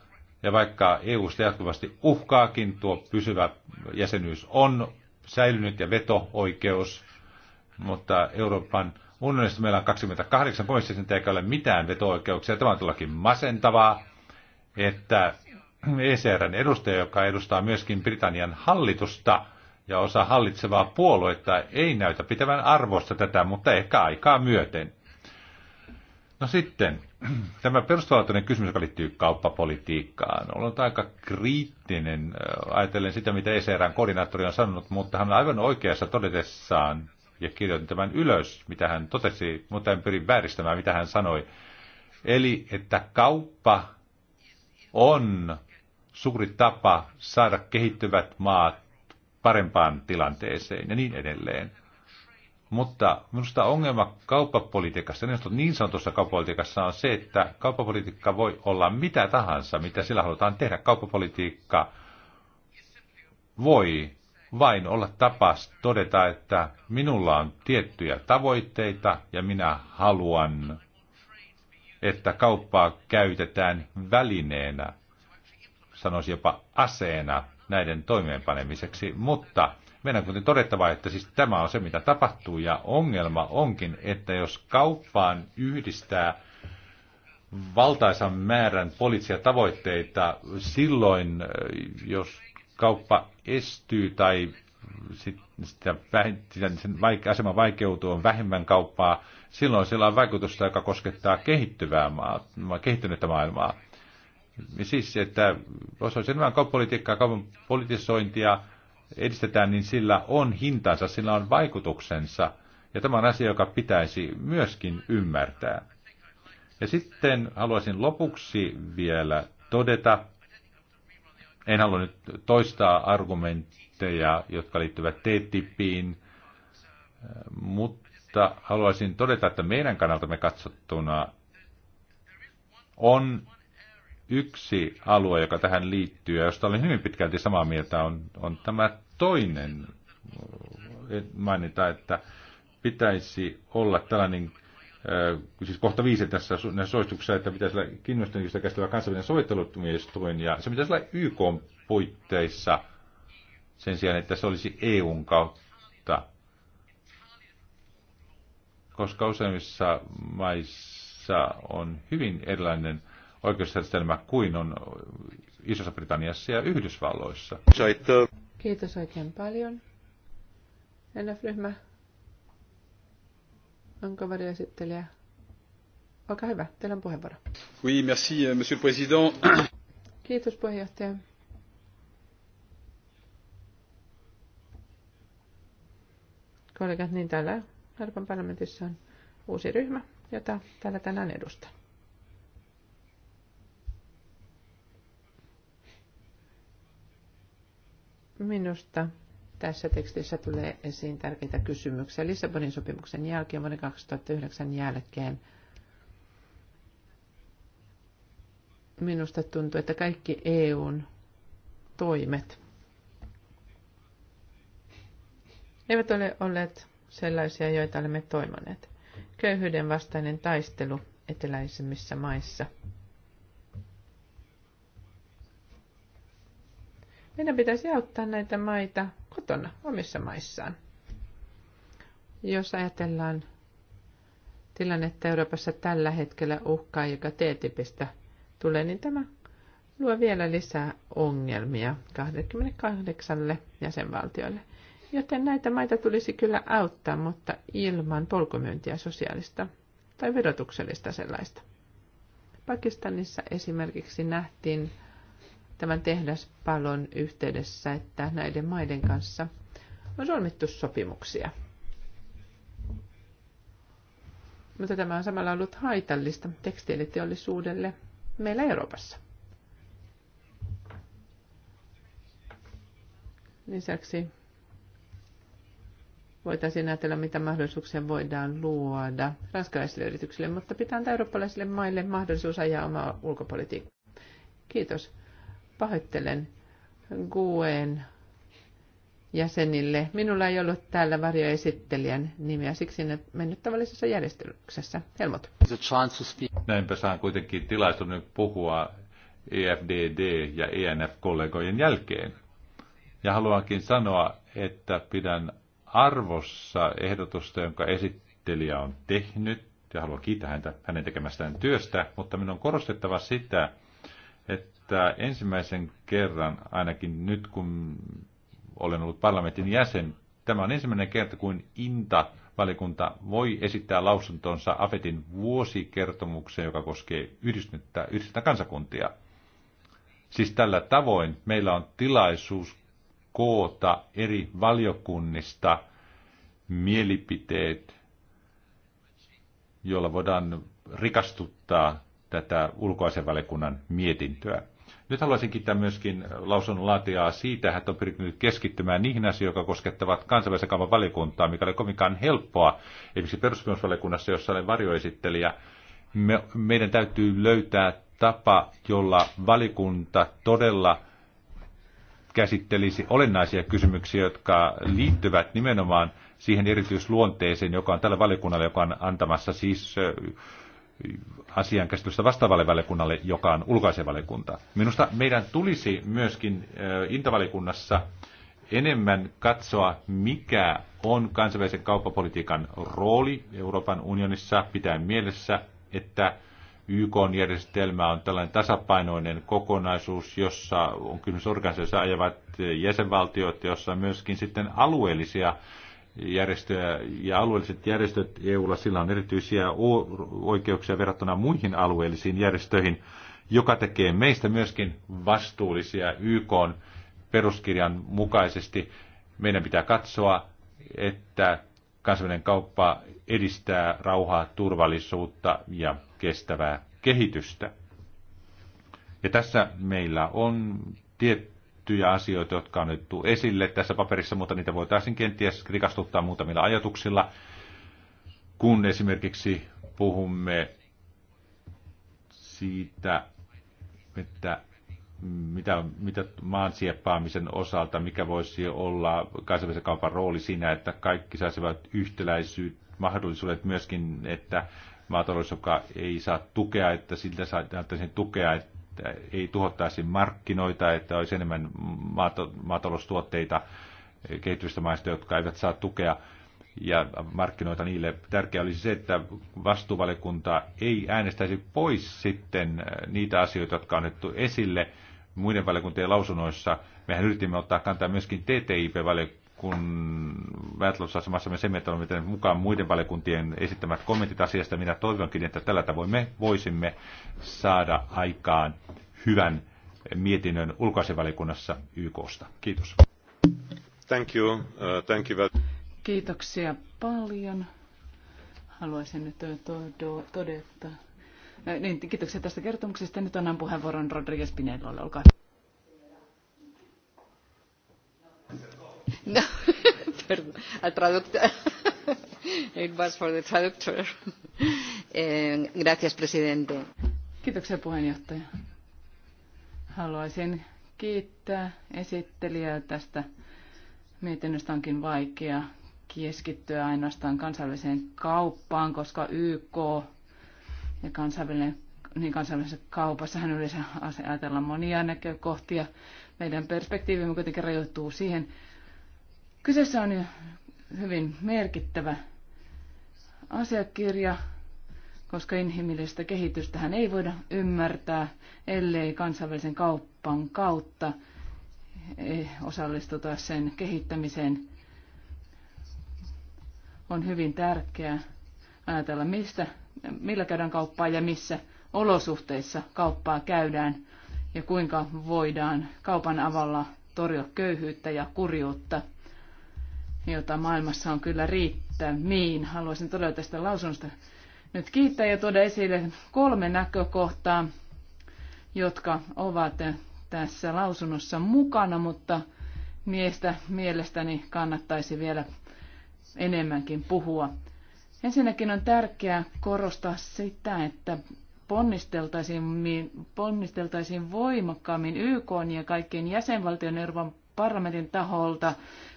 ja vaikka EU jatkuvasti uhkaakin, tuo pysyvä jäsenyys on säilynyt ja veto-oikeus, mutta Euroopan mielestä meillä on 28 poisjäsentä eikä ole mitään veto-oikeuksia. Tämä on todellakin masentavaa, että ECRn edustaja, joka edustaa myöskin Britannian hallitusta ja osa hallitsevaa puoluetta, ei näytä pitävän arvosta tätä, mutta ehkä aikaa myöten. No sitten, tämä perustavaltoinen kysymys, joka liittyy kauppapolitiikkaan, Olen aika kriittinen, äh, ajatellen sitä, mitä ECRn koordinaattori on sanonut, mutta hän on aivan oikeassa todetessaan, ja kirjoitin tämän ylös, mitä hän totesi, mutta en pyri vääristämään, mitä hän sanoi. Eli että kauppa on suuri tapa saada kehittyvät maat parempaan tilanteeseen ja niin edelleen. Mutta minusta ongelma kauppapolitiikassa, niin, niin sanotussa kauppapolitiikassa on se, että kauppapolitiikka voi olla mitä tahansa, mitä sillä halutaan tehdä. Kauppapolitiikka voi vain olla tapas todeta, että minulla on tiettyjä tavoitteita ja minä haluan, että kauppaa käytetään välineenä, sanoisin jopa aseena näiden toimeenpanemiseksi, mutta meidän on kuitenkin todettava, että siis tämä on se, mitä tapahtuu, ja ongelma onkin, että jos kauppaan yhdistää valtaisan määrän poliittisia tavoitteita, silloin jos kauppa estyy tai sitä, sen vaike- vaikeutuu, on vähemmän kauppaa, silloin sillä on vaikutusta, joka koskettaa kehittyvää maa, kehittynyttä maailmaa. Siis, että jos on enemmän kauppapolitiikkaa, kaupan politisointia edistetään, niin sillä on hintansa, sillä on vaikutuksensa. Ja tämä on asia, joka pitäisi myöskin ymmärtää. Ja sitten haluaisin lopuksi vielä todeta, en halua nyt toistaa argumentteja, jotka liittyvät TTIPiin, mutta haluaisin todeta, että meidän kannalta me katsottuna on yksi alue, joka tähän liittyy, ja josta olen hyvin pitkälti samaa mieltä, on, on tämä toinen mainita, että pitäisi olla tällainen Äh, siis kohta viisi tässä näissä suosituksissa, että pitäisi olla kiinnostuneista käsitellä kansainvälinen sovittelutumistuin, ja se pitäisi olla YK puitteissa sen sijaan, että se olisi EUn kautta. Koska useimmissa maissa on hyvin erilainen oikeusjärjestelmä kuin on Isossa Britanniassa ja Yhdysvalloissa. Kiitos oikein paljon. Ennäfryhmä. ryhmä Onko esittelijä. Olkaa hyvä, teillä on puheenvuoro. Oui, merci, euh, monsieur le président. Kiitos puheenjohtaja. Kollegat, niin täällä Euroopan parlamentissa on uusi ryhmä, jota täällä tänään edustan. Minusta tässä tekstissä tulee esiin tärkeitä kysymyksiä. Lissabonin sopimuksen jälkeen, vuoden 2009 jälkeen, minusta tuntuu, että kaikki EUn toimet eivät ole olleet sellaisia, joita olemme toimaneet. Köyhyyden vastainen taistelu eteläisemmissä maissa – Meidän pitäisi auttaa näitä maita kotona, omissa maissaan. Jos ajatellaan tilannetta Euroopassa tällä hetkellä uhkaa, joka TTIPistä tulee, niin tämä luo vielä lisää ongelmia 28 jäsenvaltiolle. Joten näitä maita tulisi kyllä auttaa, mutta ilman polkumyyntiä sosiaalista tai verotuksellista sellaista. Pakistanissa esimerkiksi nähtiin tämän tehdaspalon yhteydessä, että näiden maiden kanssa on solmittu sopimuksia. Mutta tämä on samalla ollut haitallista tekstiiliteollisuudelle meillä Euroopassa. Lisäksi voitaisiin ajatella, mitä mahdollisuuksia voidaan luoda ranskalaisille yrityksille, mutta pitää antaa eurooppalaisille maille mahdollisuus ajaa omaa ulkopolitiikkaa. Kiitos. Pahoittelen Guen jäsenille. Minulla ei ollut täällä varjoesittelijän nimeä, siksi en mennyt tavallisessa järjestelyksessä. Helmut. Näinpä saan kuitenkin tilaisuuden puhua EFDD ja ENF-kollegojen jälkeen. Ja haluankin sanoa, että pidän arvossa ehdotusta, jonka esittelijä on tehnyt, ja haluan kiittää häntä hänen tekemästään työstä, mutta minun on korostettava sitä, että ensimmäisen kerran, ainakin nyt kun olen ollut parlamentin jäsen, tämä on ensimmäinen kerta, kun INTA Valikunta voi esittää lausuntonsa AFETin vuosikertomukseen, joka koskee yhdistettä, yhdistettä kansakuntia. Siis tällä tavoin meillä on tilaisuus koota eri valiokunnista mielipiteet, joilla voidaan rikastuttaa tätä ulkoasevaliokunnan mietintöä. Nyt haluaisin kiittää myöskin lausunnon laatiaa siitä, että on pyrkinyt keskittymään niihin asioihin, jotka koskettavat kansainvälisen kaupan valikuntaa mikä oli kovinkaan helppoa. Esimerkiksi perussopimusvaliokunnassa, jossa olen varjoesittelijä, me, meidän täytyy löytää tapa, jolla valikunta todella käsittelisi olennaisia kysymyksiä, jotka liittyvät nimenomaan siihen erityisluonteeseen, joka on tällä valikunnalla, joka on antamassa siis asian käsittelystä vastaavalle valiokunnalle, joka on ulkoasevaliokunta. Minusta meidän tulisi myöskin intavaliokunnassa enemmän katsoa, mikä on kansainvälisen kauppapolitiikan rooli Euroopan unionissa, pitää mielessä, että YK-järjestelmä on tällainen tasapainoinen kokonaisuus, jossa on kysymys organisaatioissa ajavat jäsenvaltiot, jossa on myöskin sitten alueellisia järjestöjä ja alueelliset järjestöt EUlla, sillä on erityisiä oikeuksia verrattuna muihin alueellisiin järjestöihin, joka tekee meistä myöskin vastuullisia YK peruskirjan mukaisesti. Meidän pitää katsoa, että kansainvälinen kauppa edistää rauhaa, turvallisuutta ja kestävää kehitystä. Ja tässä meillä on tiet, tiettyjä asioita, jotka on nyt esille tässä paperissa, mutta niitä voitaisiin kenties rikastuttaa muutamilla ajatuksilla. Kun esimerkiksi puhumme siitä, että mitä, mitä maansieppaamisen osalta, mikä voisi olla kansainvälisen kaupan rooli siinä, että kaikki saisivat yhtäläisyyttä, mahdollisuudet myöskin, että maatalous, joka ei saa tukea, että siltä saataisiin tukea, että että ei tuhottaisi markkinoita, että olisi enemmän maataloustuotteita kehittyvistä maista, jotka eivät saa tukea ja markkinoita niille. Tärkeää olisi se, että vastuuvalikunta ei äänestäisi pois sitten äh, niitä asioita, jotka on annettu esille muiden valiokuntien lausunnoissa. Mehän yritimme ottaa kantaa myöskin TTIP-valiokuntaan kun väittelysasemassa me sen miten mukaan muiden valiokuntien esittämät kommentit asiasta, niin minä toivonkin, että tällä tavoin me voisimme saada aikaan hyvän mietinnön ulkoasevalikunnassa YKsta. Kiitos. Thank you. Uh, thank you. Kiitoksia paljon. Haluaisin nyt todeta. Niin, kiitoksia tästä kertomuksesta. Nyt annan puheenvuoron Rodriguez Pinedolle. Olkaa hyvä. No, perdón, eh, presidente. Haluaisin kiittää esittelijää tästä mietinnöstä onkin vaikea keskittyä ainoastaan kansainväliseen kauppaan, koska YK ja kansainvälinen, niin kansainvälisessä kaupassahan yleensä ajatellaan monia näkökohtia. Meidän perspektiivimme kuitenkin rajoittuu siihen, Kyseessä on hyvin merkittävä asiakirja, koska inhimillistä hän ei voida ymmärtää, ellei kansainvälisen kauppan kautta osallistuta sen kehittämiseen. On hyvin tärkeää ajatella, mistä, millä käydään kauppaa ja missä olosuhteissa kauppaa käydään ja kuinka voidaan kaupan avalla torjua köyhyyttä ja kurjuutta – jota maailmassa on kyllä riittämiin. Haluaisin todella tästä lausunnosta nyt kiittää ja tuoda esille kolme näkökohtaa, jotka ovat tässä lausunnossa mukana, mutta niistä mielestäni kannattaisi vielä enemmänkin puhua. Ensinnäkin on tärkeää korostaa sitä, että ponnisteltaisiin, ponnisteltaisiin voimakkaammin YK ja kaikkien jäsenvaltion Euroopan parlamentin taholta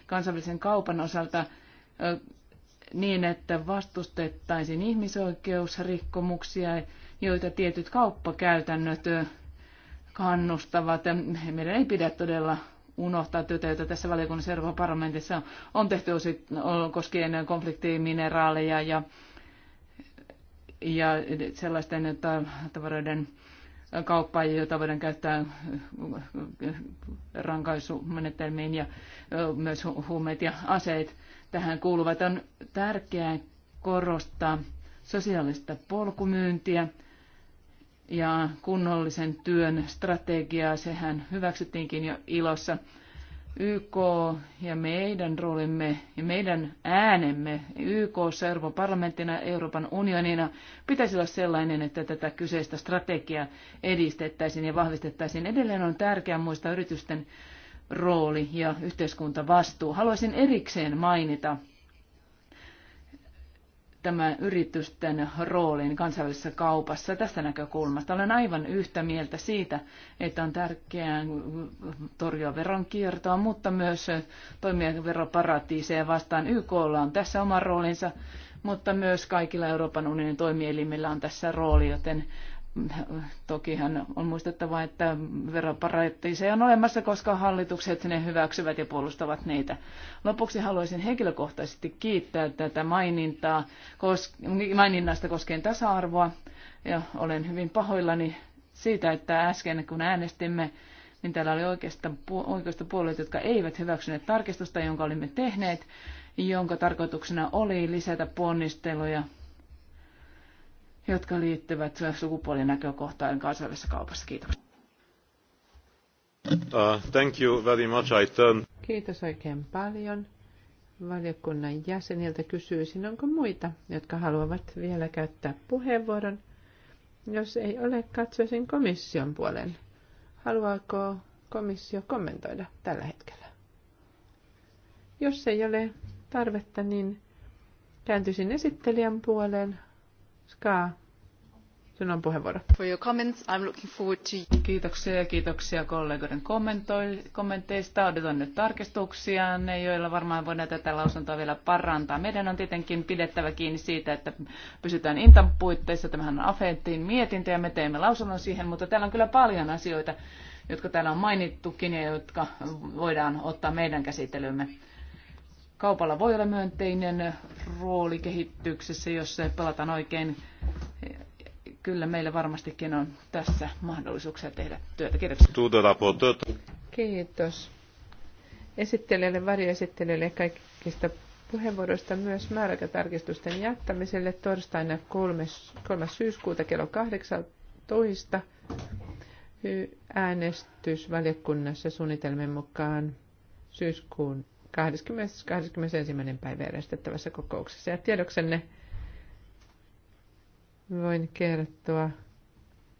kansainvälisen kaupan osalta niin, että vastustettaisiin ihmisoikeusrikkomuksia, joita tietyt kauppakäytännöt kannustavat. Meidän ei pidä todella unohtaa työtä, jota tässä valiokunnassa Euroopan parlamentissa on tehty osit, koskien konfliktimineraaleja ja, ja sellaisten että tavaroiden kauppaa, joita voidaan käyttää rankaisumenetelmiin ja myös huumeet ja aseet tähän kuuluvat. On tärkeää korostaa sosiaalista polkumyyntiä ja kunnollisen työn strategiaa. Sehän hyväksyttiinkin jo ilossa YK ja meidän roolimme ja meidän äänemme YK, Euroopan parlamenttina, Euroopan unionina pitäisi olla sellainen, että tätä kyseistä strategiaa edistettäisiin ja vahvistettaisiin. Edelleen on tärkeää muistaa yritysten rooli ja yhteiskuntavastuu. Haluaisin erikseen mainita tämän yritysten roolin kansainvälisessä kaupassa tästä näkökulmasta. Olen aivan yhtä mieltä siitä, että on tärkeää torjua veronkiertoa, mutta myös toimia veroparatiiseja vastaan. YKlla on tässä oma roolinsa, mutta myös kaikilla Euroopan unionin toimielimillä on tässä rooli, joten Tokihan on muistettava, että veroparatiiseja on olemassa, koska hallitukset ne hyväksyvät ja puolustavat niitä. Lopuksi haluaisin henkilökohtaisesti kiittää tätä mainintaa, maininnasta koskien tasa-arvoa. Ja olen hyvin pahoillani siitä, että äsken kun äänestimme, niin täällä oli oikeasta, oikeasta puolueet, jotka eivät hyväksyneet tarkistusta, jonka olimme tehneet, jonka tarkoituksena oli lisätä ponnisteluja jotka liittyvät näkökohtaan kansainvälisessä kaupassa. Kiitos. Uh, thank you very much. I turn... Kiitos oikein paljon. Valiokunnan jäseniltä kysyisin, onko muita, jotka haluavat vielä käyttää puheenvuoron. Jos ei ole, katsoisin komission puolen. Haluaako komissio kommentoida tällä hetkellä? Jos ei ole tarvetta, niin kääntyisin esittelijän puoleen. Ska, sinun on puheenvuoro. For your comments, I'm looking forward to... Kiitoksia ja kiitoksia kollegoiden kommenteista. Odotan nyt tarkistuksia, ne joilla varmaan voidaan tätä lausuntoa vielä parantaa. Meidän on tietenkin pidettävä kiinni siitä, että pysytään Intan puitteissa. Tämähän on Afeettiin mietintö ja me teemme lausunnon siihen, mutta täällä on kyllä paljon asioita, jotka täällä on mainittukin ja jotka voidaan ottaa meidän käsittelymme Kaupalla voi olla myönteinen rooli kehityksessä, jos se pelataan oikein. Kyllä meillä varmastikin on tässä mahdollisuuksia tehdä työtä. Kiitoksia. Kiitos. Esittelijälle, varjoesittelijälle kaikista puheenvuoroista myös määräaikatarkistusten jättämiselle torstaina 3. 3. syyskuuta kello 18. Äänestys valiokunnassa suunnitelmien mukaan syyskuun 21. päivä järjestettävässä kokouksessa. Ja tiedoksenne voin kertoa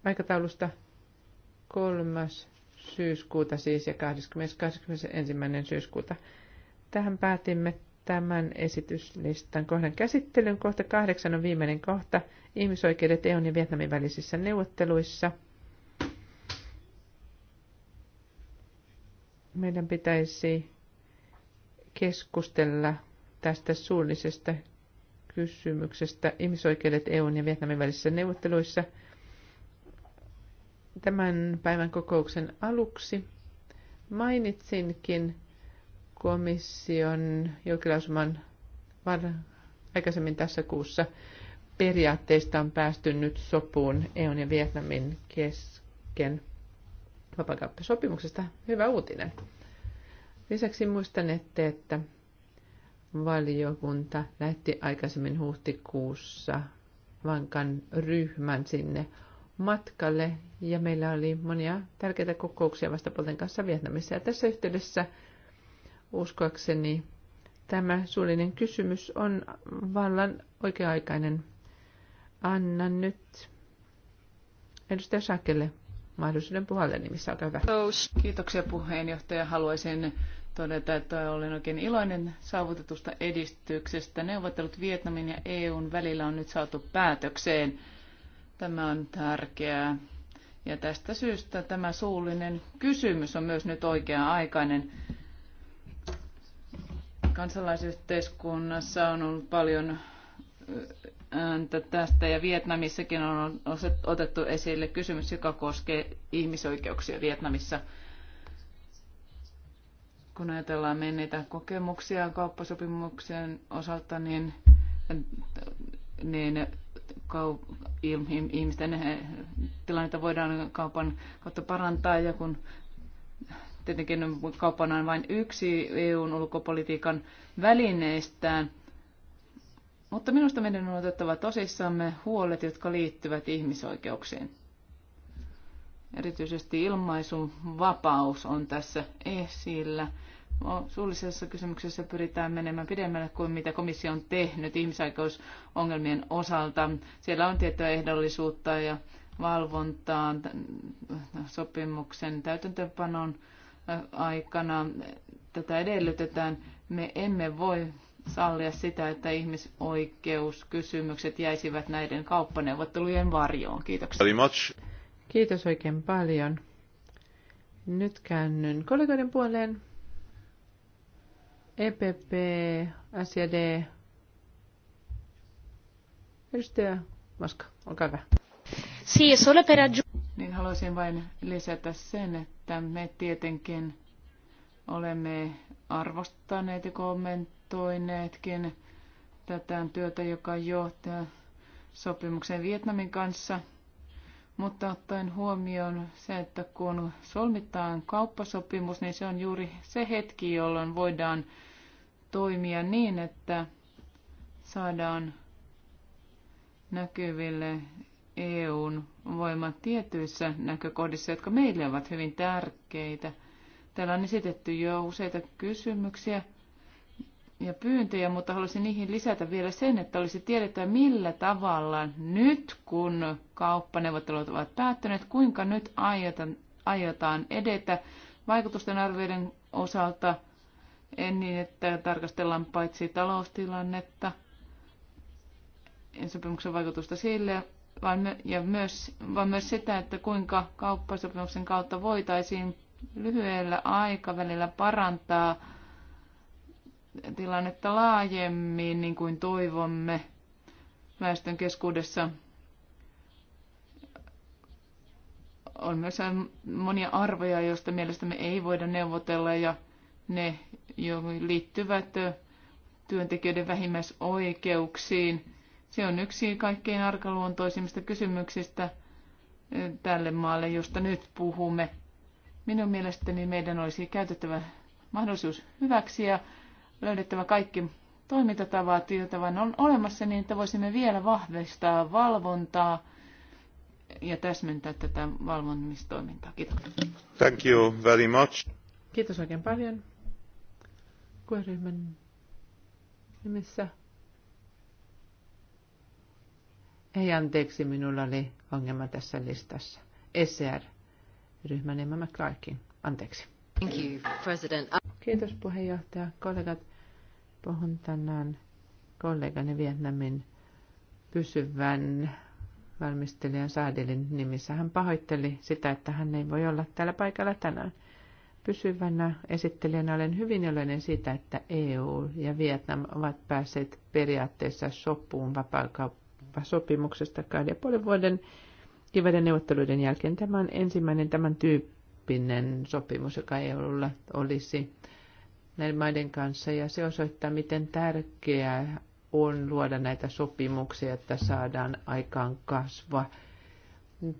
aikataulusta 3. syyskuuta siis ja 20. 21. syyskuuta. Tähän päätimme tämän esityslistan kohdan käsittelyn. Kohta kahdeksan on viimeinen kohta ihmisoikeudet EUn ja Vietnamin välisissä neuvotteluissa. Meidän pitäisi keskustella tästä suullisesta kysymyksestä ihmisoikeudet EUn ja Vietnamin välisissä neuvotteluissa tämän päivän kokouksen aluksi. Mainitsinkin komission julkilausuman aikaisemmin tässä kuussa periaatteista on päästy nyt sopuun EUn ja Vietnamin kesken vapakauppasopimuksesta. Hyvä uutinen. Lisäksi muistanette, että valiokunta lähti aikaisemmin huhtikuussa vankan ryhmän sinne matkalle ja meillä oli monia tärkeitä kokouksia vastapuolten kanssa Vietnamissa. Ja tässä yhteydessä uskoakseni tämä suullinen kysymys on vallan oikea-aikainen. Annan nyt edustaja Sakelle mahdollisuuden puhalle nimissä. Olkaa hyvä. Kiitoksia puheenjohtaja. Haluaisin todeta, että olen oikein iloinen saavutetusta edistyksestä. Neuvottelut Vietnamin ja EUn välillä on nyt saatu päätökseen. Tämä on tärkeää. Ja tästä syystä tämä suullinen kysymys on myös nyt oikea-aikainen. Kansalaisyhteiskunnassa on ollut paljon ääntä tästä ja Vietnamissakin on otettu esille kysymys, joka koskee ihmisoikeuksia Vietnamissa – kun ajatellaan menneitä kokemuksia kauppasopimuksen osalta, niin, niin kau, ihmisten eh, tilannetta voidaan kaupan kautta parantaa ja kun tietenkin kaupan on vain yksi EUn ulkopolitiikan välineistään, mutta minusta meidän on otettava tosissamme huolet, jotka liittyvät ihmisoikeuksiin. Erityisesti ilmaisun vapaus on tässä esillä suullisessa kysymyksessä pyritään menemään pidemmälle kuin mitä komissio on tehnyt ihmisoikeusongelmien osalta. Siellä on tiettyä ehdollisuutta ja valvontaa sopimuksen täytäntöpanon aikana. Tätä edellytetään. Me emme voi sallia sitä, että ihmisoikeuskysymykset jäisivät näiden kauppaneuvottelujen varjoon. Kiitoksia. Kiitos oikein paljon. Nyt käännyn kollegoiden puoleen. EPP, SJD. Edustaja Maska, olkaa hyvä. Siis ole Niin haluaisin vain lisätä sen, että me tietenkin olemme arvostaneet ja kommentoineetkin tätä työtä, joka johtaa sopimukseen Vietnamin kanssa. Mutta ottaen huomioon se, että kun solmitaan kauppasopimus, niin se on juuri se hetki, jolloin voidaan toimia niin, että saadaan näkyville EUn voimat tietyissä näkökohdissa, jotka meille ovat hyvin tärkeitä. Täällä on esitetty jo useita kysymyksiä ja pyyntöjä, mutta haluaisin niihin lisätä vielä sen, että olisi tiedettävä millä tavalla nyt, kun kauppaneuvottelut ovat päättyneet, kuinka nyt aiotaan, aiotaan edetä vaikutusten arvioiden osalta – en niin, että tarkastellaan paitsi taloustilannetta, sopimuksen vaikutusta sille, vaan, ja myös, vaan myös sitä, että kuinka kauppasopimuksen kautta voitaisiin lyhyellä aikavälillä parantaa tilannetta laajemmin, niin kuin toivomme väestön keskuudessa. On myös monia arvoja, joista mielestämme ei voida neuvotella, ja ne joihin liittyvät työntekijöiden vähimmäisoikeuksiin. Se on yksi kaikkein arkaluontoisimmista kysymyksistä tälle maalle, josta nyt puhumme. Minun mielestäni meidän olisi käytettävä mahdollisuus hyväksi ja löydettävä kaikki toimintatavat, joita vain on olemassa, niin että voisimme vielä vahvistaa valvontaa ja täsmentää tätä valvonnistoimintaa. Kiitos. Thank you very much. Kiitos oikein paljon kuoryhmän nimissä. Ei anteeksi, minulla oli ongelma tässä listassa. SR-ryhmän Emma kaikki. Anteeksi. Thank you, President. Kiitos puheenjohtaja. Kollegat, puhun tänään kollegani Vietnamin pysyvän valmistelijan Saadelin nimissä. Hän pahoitteli sitä, että hän ei voi olla täällä paikalla tänään. Pysyvänä esittelijänä olen hyvin iloinen siitä, että EU ja Vietnam ovat päässeet periaatteessa sopuun vapaakauppasopimuksesta kahden ja puolen vuoden kivaiden neuvotteluiden jälkeen. Tämä on ensimmäinen tämän tyyppinen sopimus, joka EUlla olisi näiden maiden kanssa, ja se osoittaa, miten tärkeää on luoda näitä sopimuksia, että saadaan aikaan kasvua.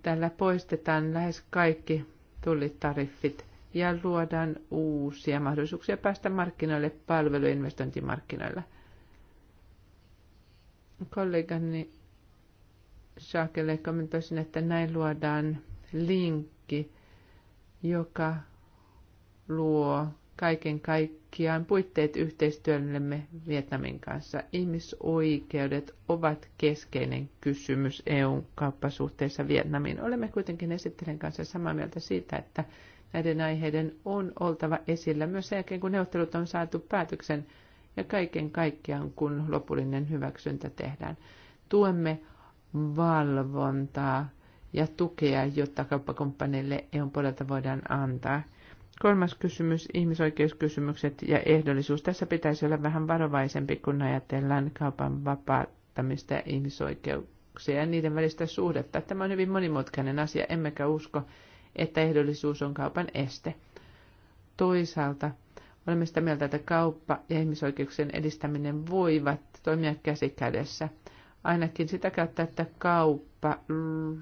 Tällä poistetaan lähes kaikki tullitariffit ja luodaan uusia mahdollisuuksia päästä markkinoille palveluinvestointimarkkinoilla. Kollegani Saakelle kommentoisin, että näin luodaan linkki, joka luo kaiken kaikkiaan puitteet yhteistyöllemme Vietnamin kanssa. Ihmisoikeudet ovat keskeinen kysymys EUn kauppasuhteessa Vietnamiin. Olemme kuitenkin esittelen kanssa samaa mieltä siitä, että näiden aiheiden on oltava esillä myös sen jälkeen, kun neuvottelut on saatu päätöksen ja kaiken kaikkiaan, kun lopullinen hyväksyntä tehdään. Tuemme valvontaa ja tukea, jotta kauppakumppaneille EUn puolelta voidaan antaa. Kolmas kysymys, ihmisoikeuskysymykset ja ehdollisuus. Tässä pitäisi olla vähän varovaisempi, kun ajatellaan kaupan vapauttamista ja ihmisoikeuksia ja niiden välistä suhdetta. Tämä on hyvin monimutkainen asia, emmekä usko, että ehdollisuus on kaupan este. Toisaalta olemme sitä mieltä, että kauppa ja ihmisoikeuksien edistäminen voivat toimia käsi kädessä. Ainakin sitä kautta, että kauppa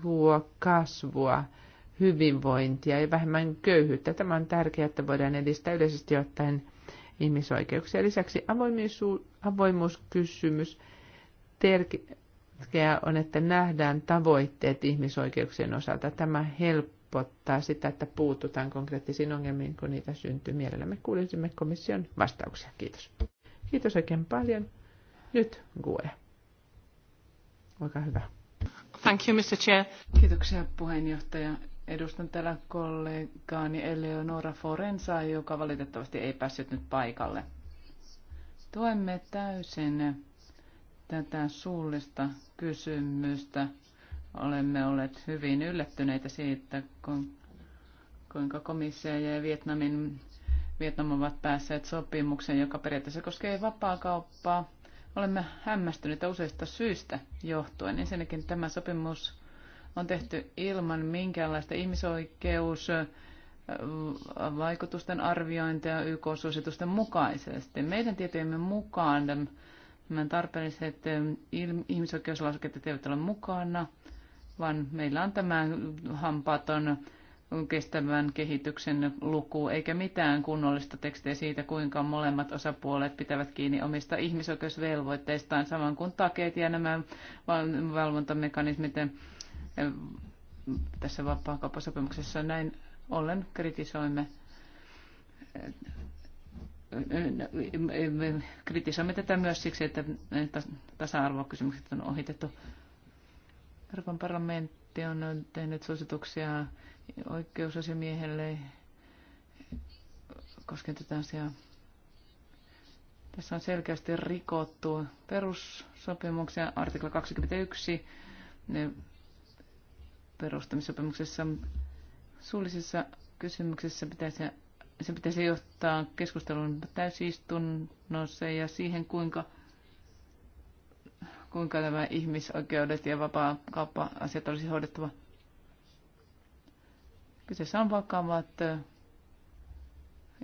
luo kasvua, hyvinvointia ja vähemmän köyhyyttä. Tämä on tärkeää, että voidaan edistää yleisesti ottaen ihmisoikeuksia. Lisäksi avoimuuskysymys. Tärkeää on, että nähdään tavoitteet ihmisoikeuksien osalta. Tämä helppo helpottaa sitä, että puututaan konkreettisiin ongelmiin, kun niitä syntyy. Mielellämme kuulisimme komission vastauksia. Kiitos. Kiitos oikein paljon. Nyt Gue. Olkaa hyvä. Thank you, Mr. Chair. Kiitoksia puheenjohtaja. Edustan täällä kollegaani Eleonora Forensa, joka valitettavasti ei päässyt nyt paikalle. Tuemme täysin tätä suullista kysymystä Olemme olleet hyvin yllättyneitä siitä, kuinka komissio ja Vietnamin, Vietnam ovat päässeet sopimukseen, joka periaatteessa koskee kauppaa. Olemme hämmästyneitä useista syistä johtuen. Ensinnäkin tämä sopimus on tehty ilman minkäänlaista ihmisoikeus vaikutusten arviointia YK-suositusten mukaisesti. Meidän tietojemme mukaan nämä tarpeelliset eh, ihmisoikeuslausekkeet eivät ole mukana vaan meillä on tämä hampaaton kestävän kehityksen luku, eikä mitään kunnollista tekstiä siitä, kuinka molemmat osapuolet pitävät kiinni omista ihmisoikeusvelvoitteistaan, saman kuin takeet ja nämä valvontamekanismit eh, tässä vapaakauppasopimuksessa. Näin ollen kritisoimme eh, eh, kritisoimme tätä myös siksi, että tasa-arvokysymykset on ohitettu. Euroopan parlamentti on tehnyt suosituksia oikeusasiamiehelle koskien tätä asiaa. Tässä on selkeästi rikottu perussopimuksia. artikla 21 perustamissopimuksessa suullisessa kysymyksessä pitäisi, se pitäisi johtaa keskustelun täysistunnossa ja siihen, kuinka kuinka nämä ihmisoikeudet ja vapaa kauppa-asiat olisi hoidettava. Kyseessä on vakavat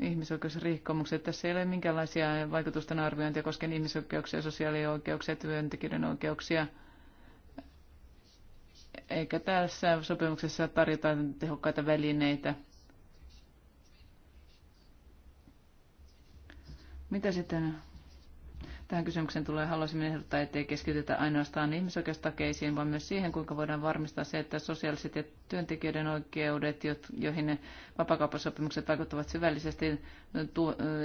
ihmisoikeusrikkomukset. Tässä ei ole minkäänlaisia vaikutusten arviointia koskien ihmisoikeuksia, sosiaalioikeuksia, työntekijöiden oikeuksia. Eikä tässä sopimuksessa tarjota tehokkaita välineitä. Mitä sitten tähän kysymykseen tulee, haluaisin ehdottaa, ettei keskitytä ainoastaan ihmisoikeustakeisiin, vaan myös siihen, kuinka voidaan varmistaa se, että sosiaaliset ja työntekijöiden oikeudet, joihin vapakauppasopimukset vaikuttavat syvällisesti,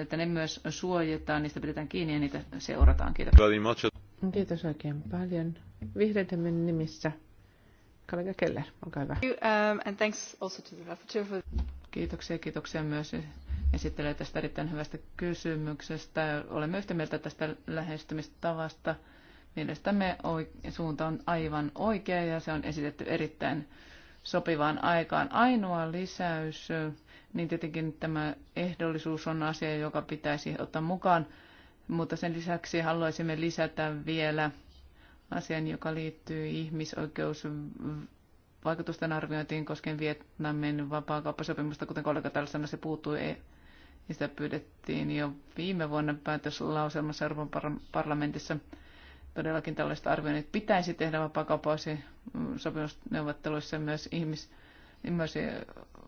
että ne myös suojataan, niistä pidetään kiinni ja niitä seurataan. Kiitos. Kiitos oikein paljon. Vihreiden nimissä kollega Keller, olkaa hyvä. Um, kiitoksia, kiitoksia myös esittelee tästä erittäin hyvästä kysymyksestä. Olemme yhtä mieltä tästä lähestymistavasta. Mielestämme suunta on aivan oikea ja se on esitetty erittäin sopivaan aikaan. Ainoa lisäys, niin tietenkin tämä ehdollisuus on asia, joka pitäisi ottaa mukaan, mutta sen lisäksi haluaisimme lisätä vielä asian, joka liittyy ihmisoikeus vaikutusten arviointiin koskien Vietnamin vapaakauppasopimusta, kuten kollega täällä sanoi, se puuttuu e- sitä pyydettiin jo viime vuonna päätöslauselmassa Euroopan parlamentissa. Todellakin tällaista arvioinnit pitäisi tehdä vapaakaupaisi sopimusneuvotteluissa myös ihmis, myös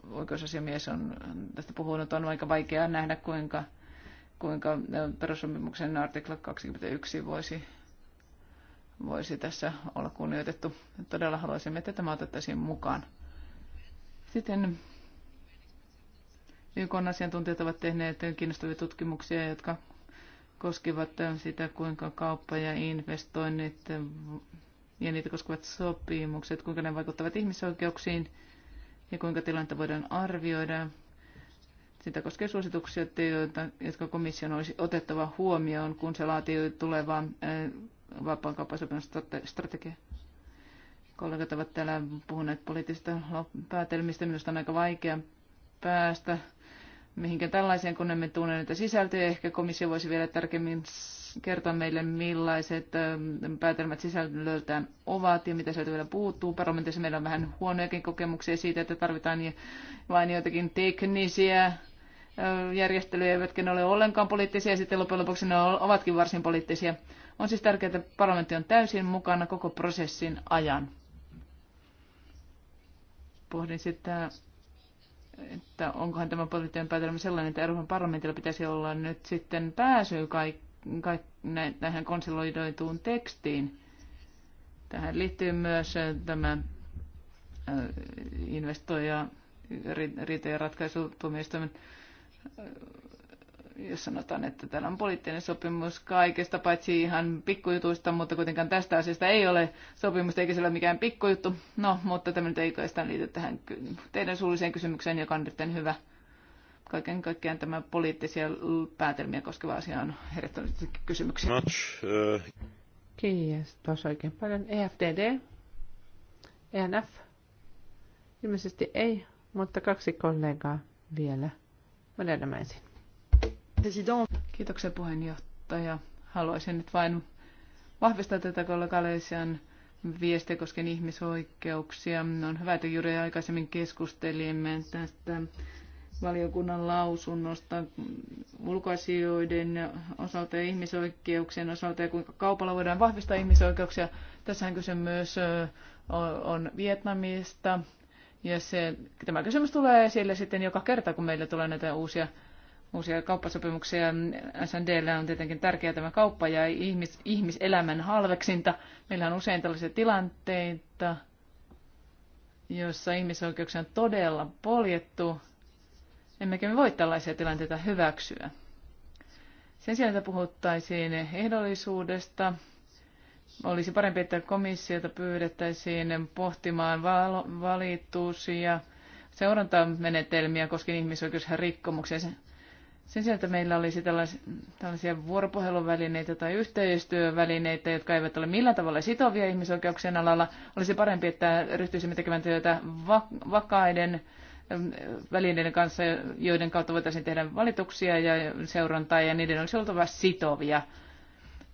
oikeusasiamies on tästä puhunut, on aika vaikeaa nähdä, kuinka, kuinka perussopimuksen artikla 21 voisi, voisi tässä olla kunnioitettu. Todella haluaisimme, että tämä otettaisiin mukaan. Sitten YK asiantuntijat ovat tehneet kiinnostavia tutkimuksia, jotka koskivat sitä, kuinka kauppa ja investoinnit ja niitä koskevat sopimukset, kuinka ne vaikuttavat ihmisoikeuksiin ja kuinka tilannetta voidaan arvioida. Sitä koskee suosituksia, joita, jotka komission olisi otettava huomioon, kun se laatii tulevaa eh, vapaankauppasopimusstrategiaa. Kollegat ovat täällä puhuneet poliittisista päätelmistä. Minusta on aika vaikea päästä mihinkä tällaiseen, kun emme tunne näitä sisältöjä. Ehkä komissio voisi vielä tarkemmin kertoa meille, millaiset ähm, päätelmät sisällöltään ovat ja mitä sieltä vielä puuttuu. Parlamentissa meillä on vähän huonojakin kokemuksia siitä, että tarvitaan vain joitakin teknisiä äh, järjestelyjä, eivätkä ne ole ollenkaan poliittisia, ja sitten loppujen lopuksi ne ovatkin varsin poliittisia. On siis tärkeää, että parlamentti on täysin mukana koko prosessin ajan. Pohdin sitä, että onkohan tämä poliittinen päätelmä sellainen, että Euroopan parlamentilla pitäisi olla nyt sitten pääsy kaik, kaik, tähän konsolidoituun tekstiin. Tähän liittyy myös äh, tämä äh, investoija ja ratkaisutuomioistuimen äh, jos sanotaan, että täällä on poliittinen sopimus kaikesta, paitsi ihan pikkujutuista, mutta kuitenkaan tästä asiasta ei ole sopimusta, eikä siellä ole mikään pikkujuttu. No, mutta tämä nyt ei kai liity tähän teidän suulliseen kysymykseen, joka on nyt hyvä. Kaiken kaikkiaan tämä poliittisia päätelmiä koskeva asia on herättänyt kysymyksiä. Much, uh... Kiitos oikein paljon. EFDD, ENF, ilmeisesti ei, mutta kaksi kollegaa vielä. Mä löydän ensin. Kiitoksia puheenjohtaja. Haluaisin nyt vain vahvistaa tätä kollegalesian viestiä koskien ihmisoikeuksia. On hyvä, että juuri aikaisemmin keskustelimme tästä valiokunnan lausunnosta ulkoasioiden osalta ja ihmisoikeuksien osalta ja kuinka kaupalla voidaan vahvistaa ihmisoikeuksia. Tässähän kyse myös on Vietnamista ja se, tämä kysymys tulee esille sitten joka kerta, kun meillä tulee näitä uusia uusia kauppasopimuksia. SNDllä on tietenkin tärkeää tämä kauppa ja ihmis, ihmiselämän halveksinta. Meillä on usein tällaisia tilanteita, joissa ihmisoikeuksia on todella poljettu. Emmekä me voi tällaisia tilanteita hyväksyä. Sen sijaan, että puhuttaisiin ehdollisuudesta, olisi parempi, että komissiota pyydettäisiin pohtimaan valituksia, seurantamenetelmiä koskien ihmisoikeusrikkomuksia. Sen sijaan, että meillä olisi tällaisia vuoropuheluvälineitä tai yhteistyövälineitä, jotka eivät ole millään tavalla sitovia ihmisoikeuksien alalla, olisi parempi, että ryhtyisimme tekemään työtä vakaiden välineiden kanssa, joiden kautta voitaisiin tehdä valituksia ja seurantaa, ja niiden olisi oltava sitovia.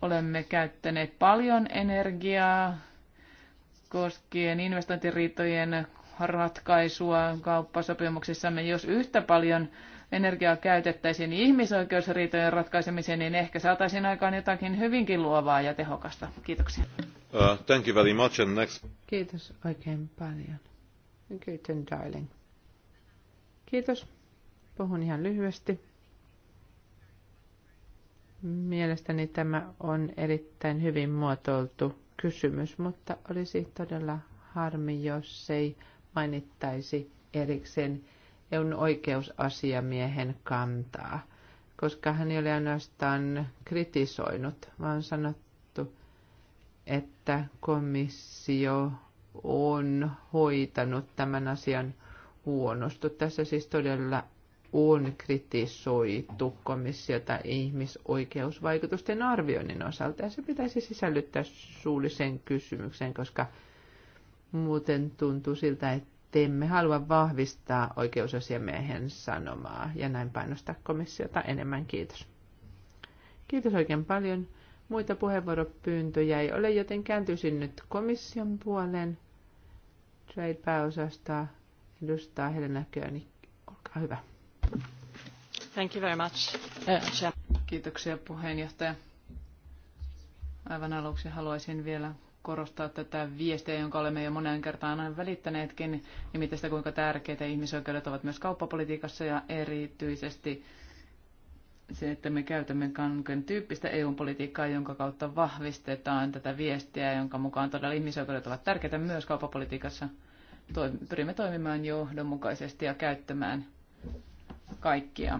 Olemme käyttäneet paljon energiaa koskien investointiriitojen ratkaisua kauppasopimuksissamme. Jos yhtä paljon energiaa käytettäisiin ihmisoikeusriitojen ratkaisemiseen, niin ehkä saataisiin aikaan jotakin hyvinkin luovaa ja tehokasta. Kiitoksia. Uh, thank you very much and next. Kiitos oikein paljon. Kiitos, darling. Kiitos. Puhun ihan lyhyesti. Mielestäni tämä on erittäin hyvin muotoiltu kysymys, mutta olisi todella harmi, jos ei mainittaisi erikseen EUn oikeusasiamiehen kantaa, koska hän ei ole ainoastaan kritisoinut, vaan sanottu, että komissio on hoitanut tämän asian huonosti. Tässä siis todella on kritisoitu komissiota ihmisoikeusvaikutusten arvioinnin osalta, ja se pitäisi sisällyttää suulliseen kysymykseen, koska muuten tuntuu siltä, että emme halua vahvistaa oikeusasiamiehen sanomaa ja näin painostaa komissiota enemmän. Kiitos. Kiitos oikein paljon. Muita puheenvuoropyyntöjä ei ole, joten kääntyisin nyt komission puolen. Trade-pääosasta edustaa Helena König. Olkaa hyvä. Thank you very much. Uh, Kiitoksia puheenjohtaja. Aivan aluksi haluaisin vielä korostaa tätä viestiä, jonka olemme jo monen kertaan välittäneetkin, nimittäin sitä, kuinka tärkeitä ihmisoikeudet ovat myös kauppapolitiikassa ja erityisesti se, että me käytämme kanken tyyppistä EU-politiikkaa, jonka kautta vahvistetaan tätä viestiä, jonka mukaan todella ihmisoikeudet ovat tärkeitä myös kauppapolitiikassa. Pyrimme toimimaan johdonmukaisesti ja käyttämään kaikkia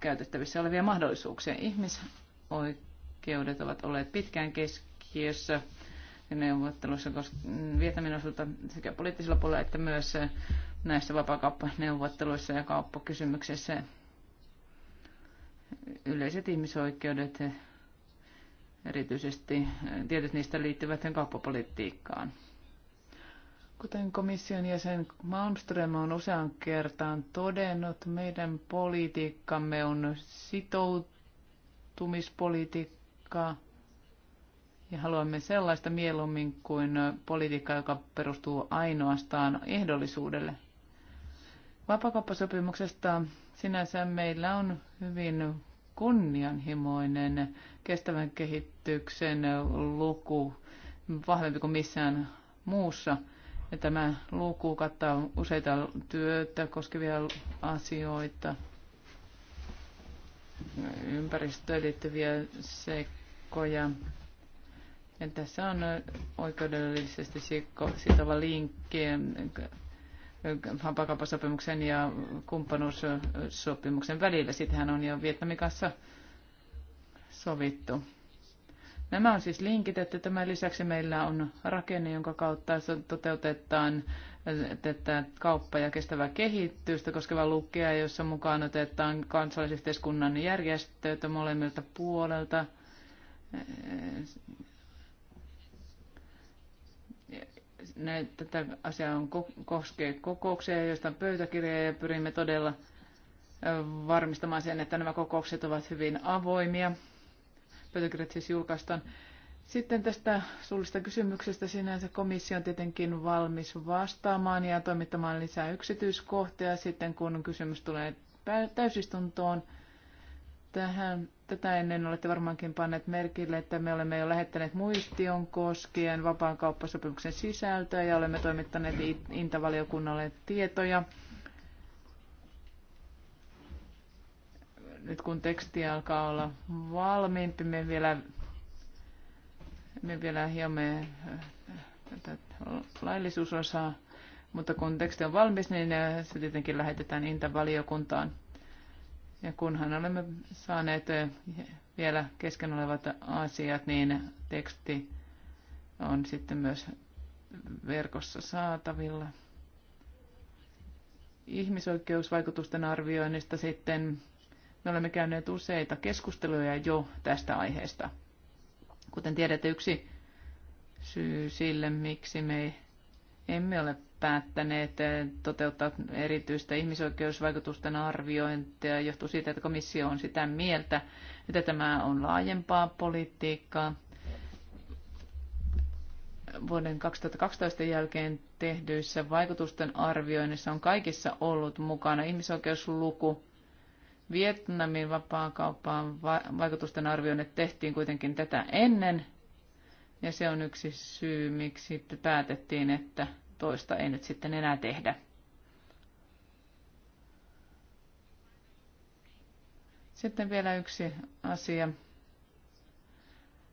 käytettävissä olevia mahdollisuuksia. Ihmisoikeudet ovat olleet pitkään keskiössä keskiössä neuvottelussa Vietnamin osalta sekä poliittisella puolella että myös näissä vapaakauppaneuvotteluissa ja kauppakysymyksissä yleiset ihmisoikeudet, erityisesti tietyt niistä liittyvät kauppapolitiikkaan. Kuten komission jäsen Malmström on usean kertaan todennut, meidän politiikkamme on sitoutumispolitiikkaa ja haluamme sellaista mieluummin kuin politiikkaa, joka perustuu ainoastaan ehdollisuudelle. Vapakauppasopimuksesta sinänsä meillä on hyvin kunnianhimoinen kestävän kehityksen luku, vahvempi kuin missään muussa. Ja tämä luku kattaa useita työtä koskevia asioita, ympäristöön liittyviä seikkoja, ja tässä on oikeudellisesti sitova linkki vapaakauppasopimuksen ja kumppanuussopimuksen välillä. Sitähän on jo Vietnamin kanssa sovittu. Nämä on siis että Tämän lisäksi meillä on rakenne, jonka kautta toteutetaan tätä kauppa- ja kestävää kehitystä koskeva lukea, jossa mukaan otetaan kansallisyhteiskunnan järjestöitä molemmilta puolelta näin, tätä asiaa on koskee kokouksia, joista on pöytäkirjaa ja pyrimme todella varmistamaan sen, että nämä kokoukset ovat hyvin avoimia. Pöytäkirjat siis julkaistaan. Sitten tästä suullista kysymyksestä sinänsä komissio on tietenkin valmis vastaamaan ja toimittamaan lisää yksityiskohtia sitten, kun kysymys tulee täysistuntoon. Tähän, tätä ennen olette varmaankin panneet merkille, että me olemme jo lähettäneet muistion koskien kauppasopimuksen sisältöä ja olemme toimittaneet Intavaliokunnalle tietoja. Nyt kun teksti alkaa olla valmiimpi, me vielä, me vielä hiomme äh, tätä laillisuusosaa, mutta kun teksti on valmis, niin äh, se tietenkin lähetetään Intavaliokuntaan. valiokuntaan ja kunhan olemme saaneet vielä kesken olevat asiat, niin teksti on sitten myös verkossa saatavilla. Ihmisoikeusvaikutusten arvioinnista sitten me olemme käyneet useita keskusteluja jo tästä aiheesta. Kuten tiedätte, yksi syy sille, miksi me emme ole päättäneet eh, toteuttaa erityistä ihmisoikeusvaikutusten arviointia johtuu siitä, että komissio on sitä mieltä, että tämä on laajempaa politiikkaa. Vuoden 2012 jälkeen tehdyissä vaikutusten arvioinnissa on kaikissa ollut mukana ihmisoikeusluku. Vietnamin vapaakauppaan vaikutusten arvioinnit tehtiin kuitenkin tätä ennen, ja se on yksi syy, miksi päätettiin, että toista ei nyt sitten enää tehdä. Sitten vielä yksi asia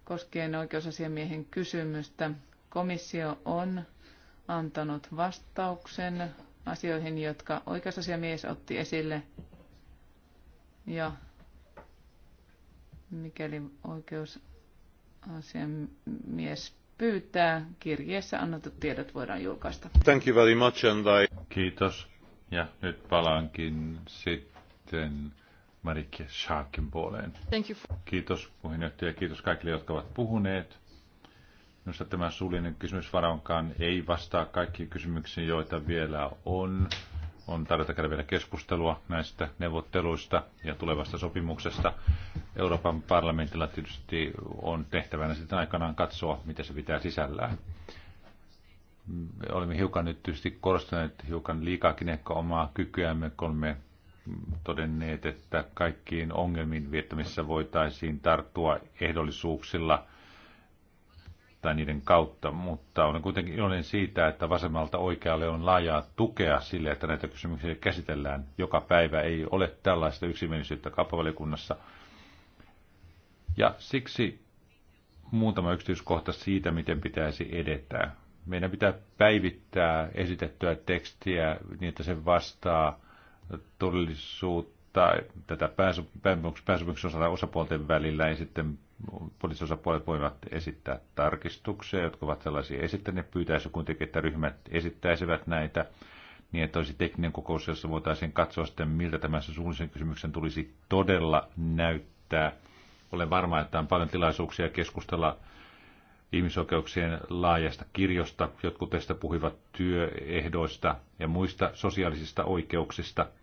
koskien oikeusasiamiehen kysymystä. Komissio on antanut vastauksen asioihin, jotka oikeusasiamies otti esille. Ja mikäli oikeusasiamies pyytää. Kirjeessä annetut tiedot voidaan julkaista. Thank you very much and I... Kiitos. Ja nyt palaankin sitten Marike Schaakin puoleen. Thank you for... Kiitos puheenjohtaja ja kiitos kaikille, jotka ovat puhuneet. Minusta tämä suullinen kysymysvaraankaan ei vastaa kaikkiin kysymyksiin, joita vielä on on tarjota käydä vielä keskustelua näistä neuvotteluista ja tulevasta sopimuksesta. Euroopan parlamentilla tietysti on tehtävänä sitten aikanaan katsoa, mitä se pitää sisällään. Me olemme hiukan nyt tietysti korostaneet hiukan liikaakin ehkä omaa kykyämme, kun olemme todenneet, että kaikkiin ongelmiin viettämissä voitaisiin tarttua ehdollisuuksilla – tai niiden kautta, mutta olen kuitenkin iloinen siitä, että vasemmalta oikealle on laajaa tukea sille, että näitä kysymyksiä käsitellään joka päivä. Ei ole tällaista yksimielisyyttä kauppavaliokunnassa. Ja siksi muutama yksityiskohta siitä, miten pitäisi edetä. Meidän pitää päivittää esitettyä tekstiä niin, että se vastaa todellisuutta tai tätä pääsopimuksen osalta osapuolten välillä ja niin sitten poliisiosapuolet voivat esittää tarkistuksia, jotka ovat sellaisia esittäneet. Pyytäisi kuitenkin, että ryhmät esittäisivät näitä niin, että olisi tekninen kokous, jossa voitaisiin katsoa sitten, miltä tämän suunnisen kysymyksen tulisi todella näyttää. Olen varma, että on paljon tilaisuuksia keskustella ihmisoikeuksien laajasta kirjosta. Jotkut teistä puhuivat työehdoista ja muista sosiaalisista oikeuksista –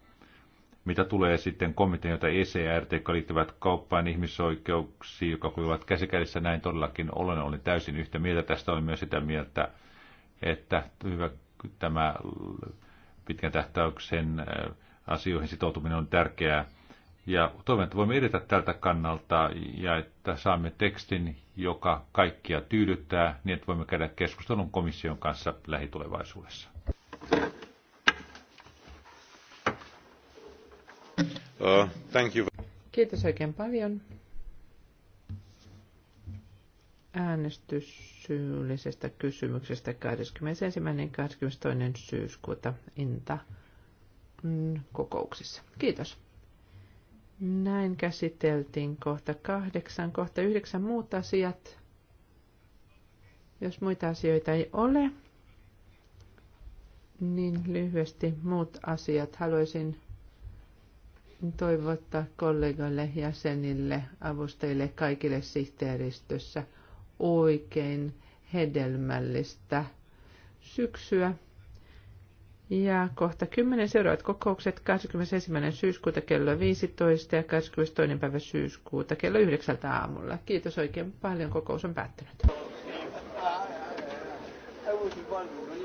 mitä tulee sitten komitean, joita ECRT, jotka liittyvät kauppaan ihmisoikeuksiin, joka kuivat käsikädessä näin todellakin olen, olin täysin yhtä mieltä. Tästä olen myös sitä mieltä, että hyvä, tämä pitkän tähtäyksen äh, asioihin sitoutuminen on tärkeää. Ja toivon, että voimme edetä tältä kannalta ja että saamme tekstin, joka kaikkia tyydyttää, niin että voimme käydä keskustelun komission kanssa lähitulevaisuudessa. Uh, Kiitos oikein paljon. Äänestyssyyllisestä kysymyksestä 21.–22. syyskuuta Inta kokouksissa. Kiitos. Näin käsiteltiin kohta kahdeksan, kohta yhdeksän muut asiat. Jos muita asioita ei ole, niin lyhyesti muut asiat haluaisin toivottaa kollegoille, jäsenille, avustajille, kaikille sihteeristössä oikein hedelmällistä syksyä. Ja kohta 10 seuraavat kokoukset 21. syyskuuta kello 15 ja 22. päivä syyskuuta kello 9 aamulla. Kiitos oikein paljon, kokous on päättynyt. I ah, was wondering,